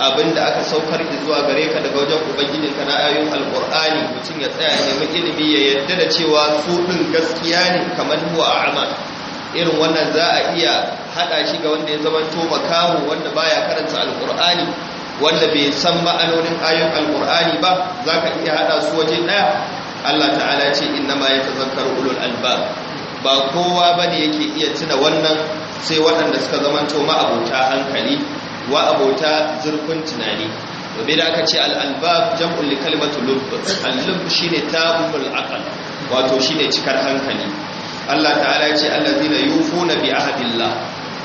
abinda aka saukar ki zuwa gare ka daga wajen ka na ayoyin alqur'ani mutum ya tsaya ya nemi ilimi ya yadda da cewa su din gaskiya ne kamar huwa a'ma irin wannan za a iya haɗa shi ga wanda ya zama to makamu wanda baya karanta alqur'ani wanda bai san ma'anonin ayoyin alqur'ani ba zaka iya haɗa su waje daya Allah ta'ala ce innama yatazakkaru ulul albab ba kowa ba bane yake iya tuna wannan sai waɗanda suka zamanto ma'abota hankali wa abota zurfin tunani Gobe da aka ce al'albab jam'ul li lubb al-lubb shine tabul aqal wato shine cikar hankali Allah ta'ala ya ce allazina yufuna bi ahdillah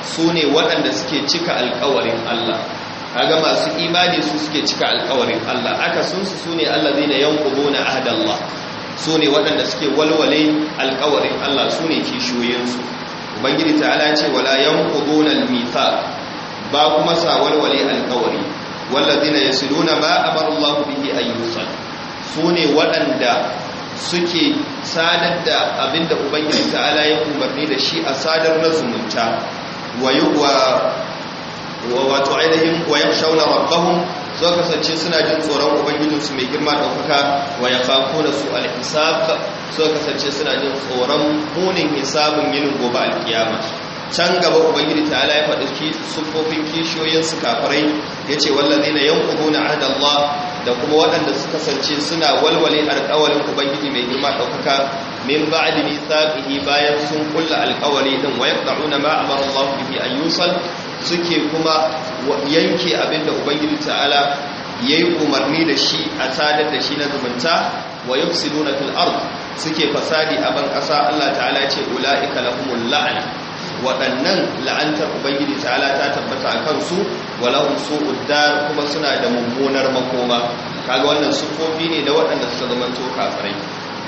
sune waɗanda suke cika alƙawarin Allah kaga masu imani su suke cika alƙawarin Allah aka sun su sune allazina yanqubuna ahdallah su ne waɗanda suke walwale alkawarin Allah su ne kishiyoyinsu ubangiji ta'ala ce wala yanquduna almithaq ba kuma sa walwale alkawari wallazina yasluna ba amara Allah bihi ayyusal su ne waɗanda suke sadar da abinda ubangiji ta'ala ya umarni da shi a sadar na zumunta wa wato ainihin wa yakhshawna rabbahum zuwa kasance suna jin tsoron ubangijinsu mai girma kuka wa ya kako da su alhisab zuwa kasance suna jin tsoron munin hisabin yinin gobe alkiyama can gaba ubangiji ta ala ya faɗi kishiyoyin su kafirai ya ce wallazi na yankubu na adallah da kuma waɗanda su kasance suna walwale alƙawarin ubangiji mai girma ɗaukaka min ba'di mithaqihi bayan sun kulla alƙawari din wa yaqta'una ma allahu Allah bihi a yusal suke kuma yanke abinda ubangiji ta'ala yayi umarni da shi a sadar da shi na zumunta wa yufsiduna fil ard suke fasadi a ban kasa Allah ta'ala ce ulaika lahumul la'na waɗannan la'antar ubangiji ta'ala ta tabbata a kansu walahum su'ud dar kuma suna da mummunar makoma kaga wannan sufofi ne da waɗanda suka zama to kafirai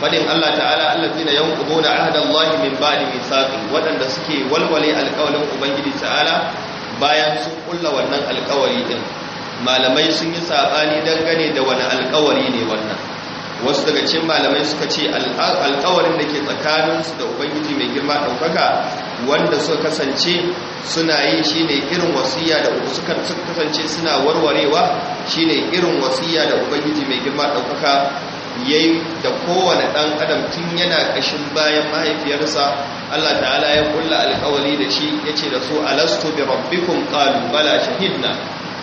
fadin Allah ta'ala allazina yanquduna ahdallahi min ba'di mithaqi waɗanda suke walwale alƙawalin ubangiji ta'ala bayan sun kulla wannan alkawari din malamai sun yi sabani dangane da wani alkawari ne wannan wasu daga cikin malamai suka ce alkawarin da ke tsakaninsu da ubangiji mai girma ɗaukaka wanda suka kasance suna yi shine irin wasiya da suka kasance suna warwarewa shine irin wasiya da ubangiji mai girma ɗaukaka yayi da kowane ɗan adam tun yana kashin bayan mahaifiyarsa Allah ta'ala ya kulla alƙawari da shi yace da su alastu bi rabbikum qalu bala shahidna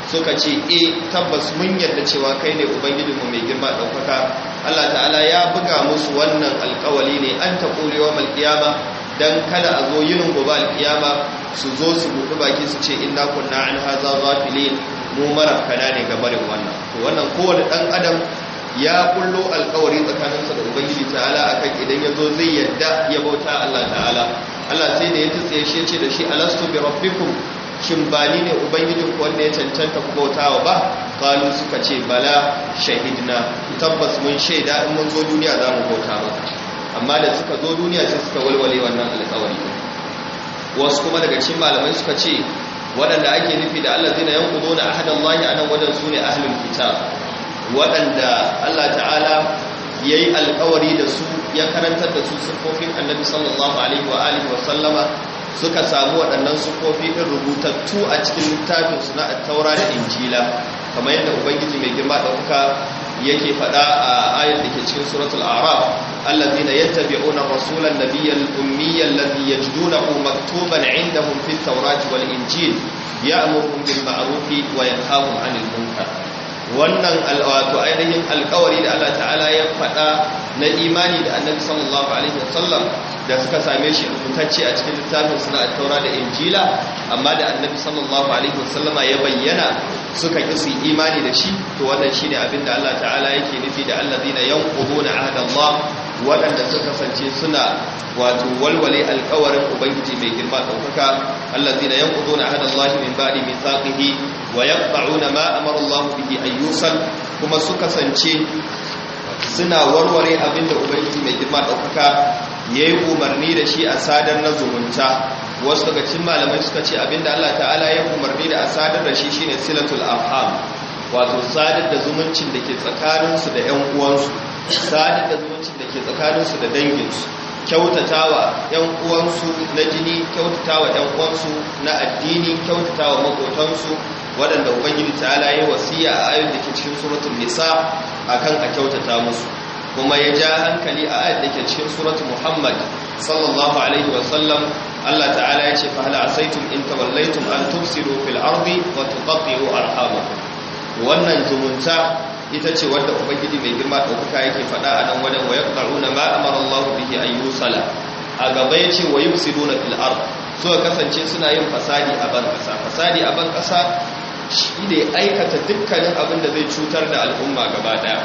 suka ce e tabbas mun yarda cewa kai ne ubangijinmu mai girma daukaka Allah ta'ala ya buga musu wannan alƙawari ne an taqulu wa malkiyama dan kada a zo yin gobe alƙiyama su zo su buɗe baki su ce inna kunna an hadha zafilin mu mara kana ne barin wannan to wannan kowane dan adam ya kullo alkawari tsakaninsa da ubangiji ta'ala akan idan ya zai yadda ya bauta Allah ta'ala Allah sai da ya tsaye shi ce da shi alastu bi rabbikum shin ba ni ne ubangijin ku wanda ya cancanta ku bautawa ba kalu suka ce bala shahidna tabbas mun shaida in mun zo duniya za mu bauta ba amma da suka zo duniya sai suka walwale wannan alkawari wasu kuma daga cikin malamai suka ce waɗanda ake nufi da Allah na yanku zo na ahadallahi anan nan wajen su ne ahlul kitab waɗanda Allah ta'ala ya yi alkawari da su ya karantar da su siffofin annabi sallallahu alaihi wa alihi wa sallama suka samu waɗannan kofi ɗin rubutattu a cikin littafinsu na taura da injila kamar yadda ubangiji mai girma ɗauka yake faɗa a ayar da ke cikin suratul araf allazina yattabi'una rasulan nabiyyal ummiyal ladhi yajidunahu maktuban 'indahum fit tawrati wal injil ya'muruhum bil ma'ruf wa yanhahum 'anil munkar wannan alwato ainihin alkawari da Allah ta'ala ya faɗa na imani da annabi sallallahu alaihi wasallam da suka same shi rubutacce a cikin littafin suna taura da injila amma da annabi sallallahu alaihi wasallama ya bayyana suka ki su imani da shi to wannan shine abinda Allah ta'ala yake nufi da allazina yanquduna ahda Allah waɗanda suka kasance suna wato walwale alkawarin ubangiji mai girma ɗaukaka allazi na yankudu na hada Allahi min ba'di mithaqihi wa na ma amara Allahu bihi ayyusan kuma suka kasance suna warware abinda ubangiji mai girma ɗaukaka yi umarni da shi a sadar na zumunta wasu daga cikin malamai suka ce abinda Allah ta'ala ya umarni da a sadar da shi shine silatul arham wato sadar da zumuncin da ke tsakaninsu da 'yan uwansu sadar da zumuncin da ke tsakaninsu da danginsu wa ‘yan uwansu na jini wa ‘yan uwansu na addini kyautatawa makotansu waɗanda ubangiji ta yi wasiya a ayon da ke cikin suratun nisa akan a kyautata musu kuma ya ja hankali a ayat da ke cikin suratu Muhammad sallallahu alaihi wasallam Allah ta'ala ya ce fahala asaitum in tawallaitum an tufsidu fil ardi wa arhama wannan zumunta ita ce wadda ubangiji mai girma ɗaukaka yake faɗa a nan wajen wayar ƙaruna ma amara Allah bihi an sala a gaba ya ce wa yi nuna fil'ar kasance suna yin fasadi a ban ƙasa fasadi a ban ƙasa shi ne aikata dukkanin abin da zai cutar da al'umma gaba ɗaya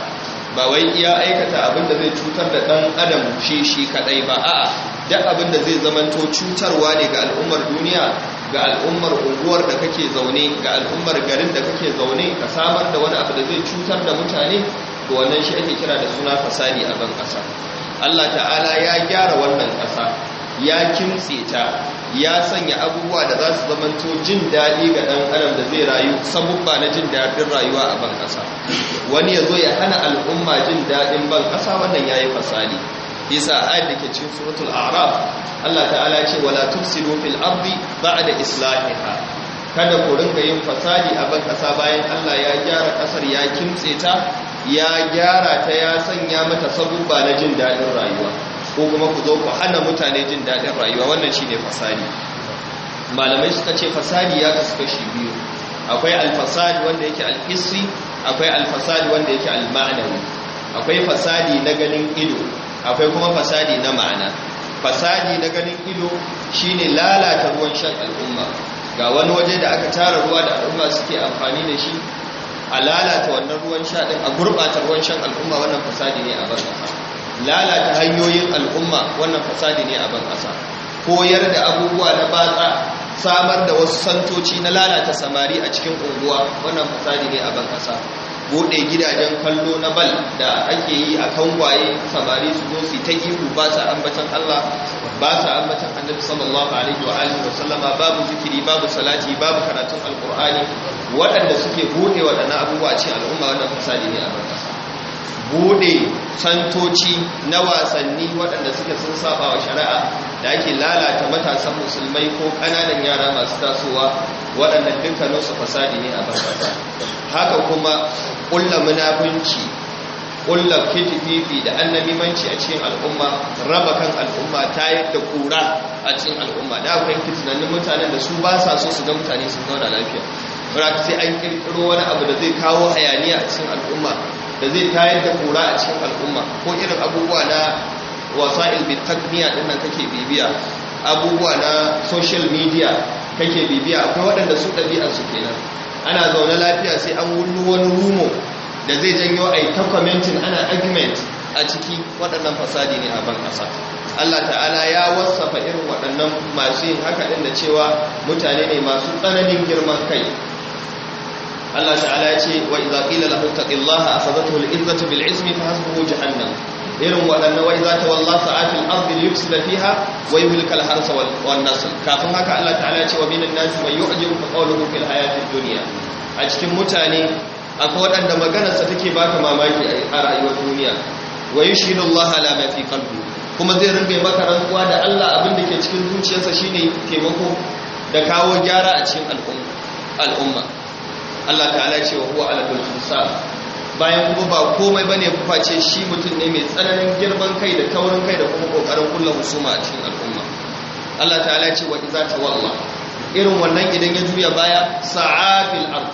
ba wai iya aikata abin da zai cutar da ɗan adam shi shi kaɗai ba a'a duk abin da zai zamanto cutarwa ne ga al'ummar duniya ga al'ummar unguwar da kake zaune ga al'ummar garin da kake zaune ka samar da wani abu da zai cutar da mutane to wannan shi ake kira da suna fasadi a ban ƙasa Allah ta'ala ya gyara wannan ƙasa ya kimtse ta ya sanya abubuwa da za su zamanto jin daɗi ga ɗan adam da zai rayu sabubba na jin daɗin rayuwa a ban ƙasa wani ya zo ya hana al'umma jin daɗin ban ƙasa wannan ya yi fasali yasa ayat ke cikin suratul a'raf Allah ta'ala ya ce wala tufsidu fil ardi ba'da islahiha kada ku ringa yin fasadi a ban kasa bayan Allah ya gyara kasar ya kimtse ta ya gyara ta ya sanya mata ba na jin dadin rayuwa ko kuma ku zo ku hana mutane jin dadin rayuwa wannan shine fasadi malamai suka ce fasadi ya kasu kashi biyu akwai alfasadi wanda yake alhissi akwai alfasadi wanda yake alma'anawi akwai fasadi na ganin ido akwai kuma fasadi na ma'ana fasadi na ganin ido shine lalata ruwan shan al'umma ga wani waje da aka tara ruwa da al'umma suke amfani da shi a lalata wannan ruwan sha din a gurbata ruwan shan al'umma wannan fasadi ne a ban kasa lalata hanyoyin al'umma wannan fasadi ne a ban kasa koyar da abubuwa na batsa samar da wasu santoci na lalata samari a cikin unguwa wannan fasadi ne a ban ƙasa. bude gidajen kallo na bal da ake yi a kangwaye samari su zo su ta gihu ba sa ambatan Allah ba sa ambatan Annabi sallallahu alaihi wa alihi wasallama babu zikiri babu salati babu karatun alqur'ani waɗanda suke bude waɗannan abubuwa ce al'umma wannan fasadi ne a bude santoci na wasanni waɗanda suke sun saba wa shari'a da ake lalata matasan musulmai ko ƙananan yara masu tasowa waɗannan su fasadi ne a barbata haka kuma ƙulla munafunci ƙulla kitififi da annabimanci a cikin al'umma raba kan al'umma ta yadda kura a cikin al'umma da akwai tunanin mutanen da su ba sa so su ga mutane sun zauna lafiya ba sai an kirkiro wani abu da zai kawo hayaniya a cikin al'umma da zai ta da kura a cikin al'umma ko irin abubuwa na wasa'il bitakniya din nan kake bibiya abubuwa na social media kake bibiya akwai waɗanda su ɗabi'ar su kenan ana zaune lafiya sai an wani rumo da zai janyo a yi ta commenting ana argument a ciki waɗannan fasadi ne a ban ƙasa Allah ta'ala ya wasafa irin waɗannan masu yin haka ɗin da cewa mutane ne masu tsananin girman kai Allah ta'ala ya ce wa iza ƙila lahu taqillaha asadathu al-izzatu bil ismi fa hasbuhu jahannam irin waɗannan wai za ta walla sa'atil ardi yufsida fiha wa harsa wan nasl kafin haka Allah ta'ala cewa ce wa minan nasi may yu'jibuka qawluhu fil hayatid duniya. a cikin mutane akwai waɗanda maganarsa take baka mamaki a rayuwar duniya wa yi Allah ala ma fi qalbi kuma zai rinka maka rantsuwa da Allah abin da ke cikin zuciyarsa shine taimako da kawo gyara a cikin al'umma Allah ta'ala ce wa huwa ala kulli bayan kuma ba komai bane kufa ce shi mutum ne mai tsananin girman kai da taurin kai da kuma kokarin kullum husuma a cikin al'umma Allah ta'ala ya ce wa iza tawalla irin wannan idan ya juya baya sa'afil ard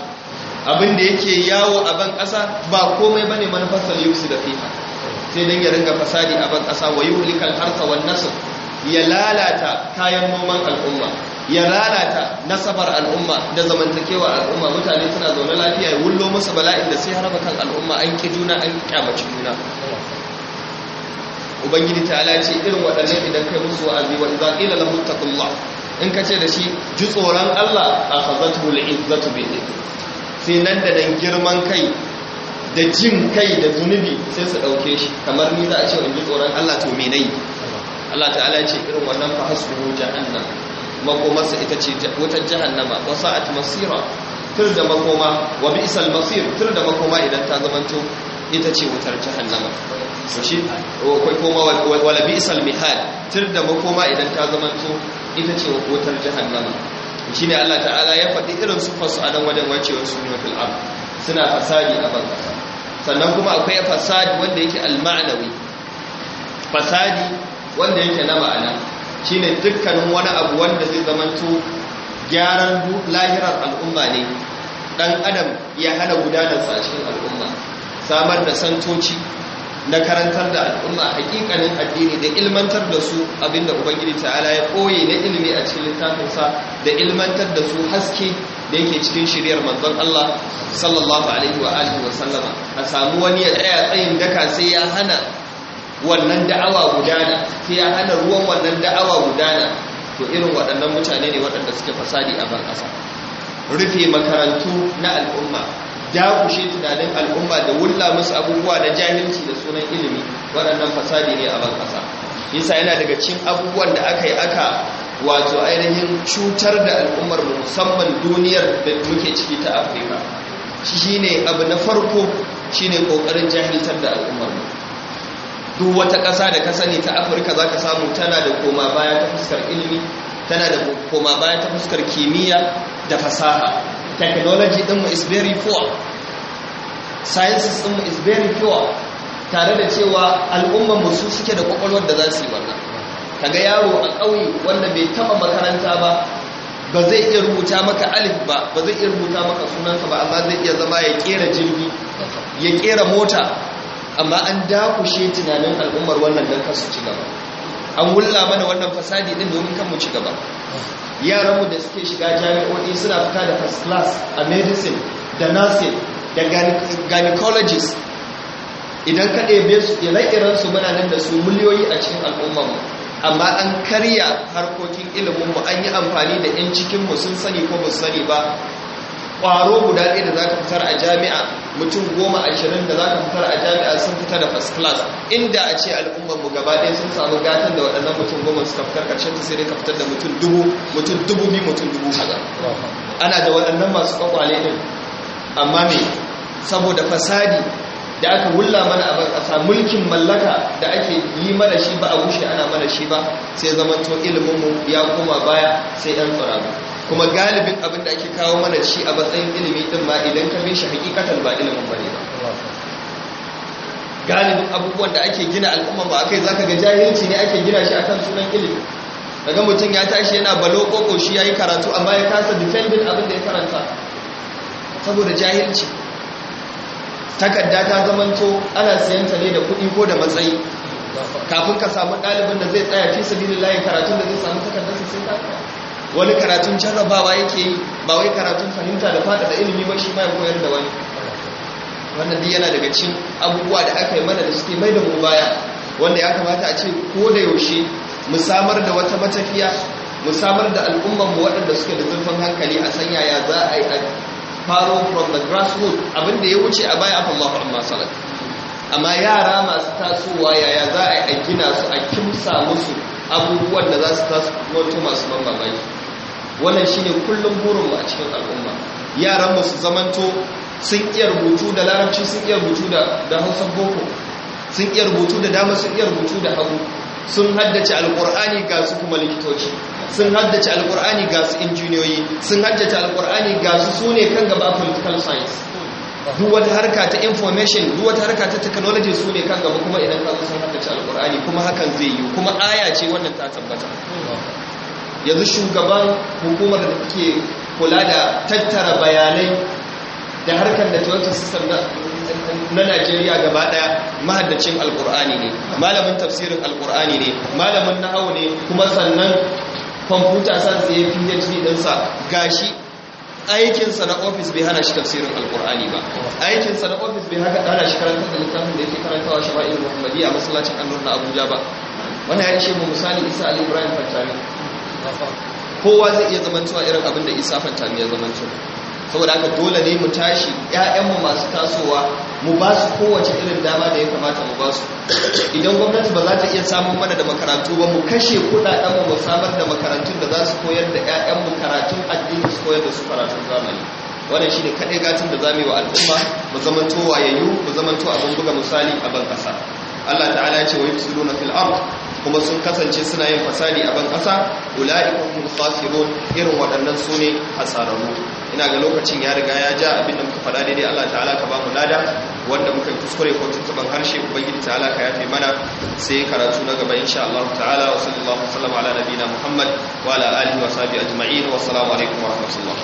abin da yake yawo a ban kasa ba komai bane manufasal yusu da fiha sai dan ya ringa fasadi a ban ƙasa wa yuhlikal harka wan nasr ya lalata kayan noman al'umma ya lalata nasabar al'umma da zamantakewa al'umma mutane suna zaune lafiya ya wullo musu bala'in da sai harba kan al'umma an ki juna an kyamaci juna ubangiji ta ce irin waɗanne idan kai musu wa'azi wa idza qila lahu taqullah in kace da shi ji tsoron Allah akhazathu al'izzatu bi sai nan da nan girman kai da jin kai da zunubi sai su dauke shi kamar ni za a ce in ji tsoron Allah to me nayi Allah ta'ala ce irin wannan fa hasbuhu jahannam makomarsa ita ce wutar jahannama wa sa'at masira tur da makoma wa bi'sal masir tur da makoma idan ta zamanto ita ce wutar jahannama to shi akwai koma wala bi'sal mihad tur da makoma idan ta zamanto ita ce wutar jahannama shine Allah ta'ala ya faɗi irin su fasu a nan wajen wacewar su ne fil ard suna fasadi a ban sannan kuma akwai fasadi wanda yake al-ma'nawi fasadi wanda yake na ma'ana Shi ne dukkanin wani abu wanda zai zamanto gyaran lahirar al'umma ne dan adam ya hana gudanarsa a cikin al'umma samar da santoci na karantar da al'umma hakikanin addini da ilmantar da su abinda ubangiji ta'ala ya koye na ilimi a cikin littafinsa da ilmantar da su haske da yake cikin shiryar manzon Allah sallallahu alaihi wa alihi wa sallama a samu wani ya tsaya tsayin daka sai ya hana wannan da'awa gudana sai ya hana ruwan wannan da'awa gudana to irin waɗannan mutane ne waɗanda suke fasadi a ban ƙasa rufe makarantu na al'umma dakushe tunanin al'umma da wulla musu abubuwa na jahilci da sunan ilimi waɗannan fasadi ne a ban ƙasa yasa yana daga cikin abubuwan da aka yi aka wato ainihin cutar da al'ummar mu musamman duniyar da muke ciki ta afirka shi ne abu na farko shine ne ƙoƙarin jahiltar da al'ummar mu duk wata ƙasa da ka sani ta afirka za ka samu tana da koma baya ta fuskar ilimi tana da koma baya ta fuskar kimiyya da fasaha technology ɗinmu is very poor sciences ɗinmu is very poor tare da cewa al'ummar su suke da kwakwalwar da za su yi wannan kaga yaro a ƙauye wanda bai taɓa makaranta ba ba zai iya rubuta maka alif ba ba zai iya rubuta maka sunansa ba amma zai iya zama ya ƙera jirgi ya ƙera mota amma an dakushe tunanin al'ummar wannan don su ci gaba an wulla mana wannan fasadi din domin mu ci gaba yaranmu da suke shiga jami'o'i suna fita da first class a medicine da nursing da gynecologist idan ka ɗebe su ire-iren su muna nan da su miliyoyi a cikin al'ummarmu amma an karya harkokin ilimin mu an yi amfani da 'yan cikinmu sun sani ko ba sani ba ƙwaro guda ɗaya da za ka fitar a jami'a mutum goma ashirin da za ka fitar a jami'a sun fita da first class inda a ce al'ummar mu gaba ɗaya sun samu gatan da waɗannan mutum goma suka fitar ƙarshen ta sai dai ka fitar da mutum dubu mutum dubu biyu mutum dubu kaza ana da waɗannan masu ƙwaƙwale ɗin amma me saboda fasadi da aka wulla mana a ƙasa mulkin mallaka da ake yi mana shi ba a gushe ana mana shi ba sai zamanto mu ya koma baya sai 'yan tsirabu kuma galibin abin da ake kawo mana shi a matsayin ilimi din ma idan ka bin shi hakikatan ba ilimin ba ne. galibin abubuwan da ake gina al'umma ba akai zaka ga jahilci ne ake gina shi akan sunan ilimi daga mutum ya tashi yana balo koko shi yayi karatu amma ya kasa defending abin da ya karanta saboda jahilci takarda ta zamanto ana siyanta ne da kuɗi ko da matsayi kafin ka samu ɗalibin da zai tsaya fi sabilillahi karatun da zai samu takardar sai ka wani karatun jarrabawa yake yi ba wai karatun fahimta da fadada ilimi ba shi mai koyar da wani wannan duk yana daga cikin abubuwa da aka yi mana da suke mai da mu baya wanda ya kamata a ce ko da yaushe mu samar da wata matafiya mu samar da al'ummar mu waɗanda suke da zurfin hankali a sanya ya za a yi a faro from the grassroots abin ya wuce a baya kan mafi amma salat amma yara masu tasowa yaya za a yi a gina su a kimsa musu abubuwan da za su taso masu ban wannan shine kullum burinmu a cikin al'umma yaran mu su zamanto sun iya rubutu da larabci sun iya rubutu da da Hausa boko sun iya rubutu da dama sun iya rubutu da hagu sun haddace alkur'ani ga su kuma likitoci sun haddace alkur'ani ga su injiniyoyi sun haddace alkur'ani ga su sune kan gaba political science duk wata harka ta information duk wata harka ta technology sune kan gaba kuma idan ka sun haddace alkur'ani kuma hakan zai yi kuma aya ce wannan ta tabbata yanzu shugaban hukumar da ke kula da tattara bayanai da harkar da tuwanta system na najeriya gaba daya mahaddacin alkur'ani ne malamin tafsirin alkur'ani ne malamin nahawu ne kuma sannan kwamfuta san tsaye phd ɗinsa gashi aikinsa na ofis bai hana shi tafsirin alkur'ani ba aikinsa na ofis bai hana shi karanta da littafin da yake karantawa shafa'in muhammadi a masallacin annur na abuja ba wannan ya ce mu misali isa ali ibrahim fattani kowa zai iya zamantowa irin abin da isa mu ya zamanto saboda haka dole ne mu tashi ƴaƴanmu masu tasowa mu ba su kowace irin dama da ya kamata mu ba su idan gwamnati ba za ta iya samun mana da makarantu ba mu kashe kuɗaɗenmu mu samar da makarantun da za su koyar da ƴaƴanmu karatun addini su koyar da su karatun zamani wannan shine kaɗai gatin da zamu yi wa al'umma mu zamanto wayayyu mu zamanto abin buga misali a ban ƙasa Allah ta'ala ya ce wa na fil ard kuma sun kasance suna yin fasadi a ban kasa ula'ikun khasirun irin waɗannan su ne hasararru ina ga lokacin ya riga ya ja abinda muka faɗa daidai Allah ta'ala ka ba mu lada wanda muka yi kuskure ko tuntuban harshe ubangiji ta'ala ka yafe mana sai karatu na gaba insha Allah ta'ala wa sallallahu wa sallam ala nabina Muhammad wa ala alihi wa sahbihi ajma'in wa assalamu alaikum wa rahmatullah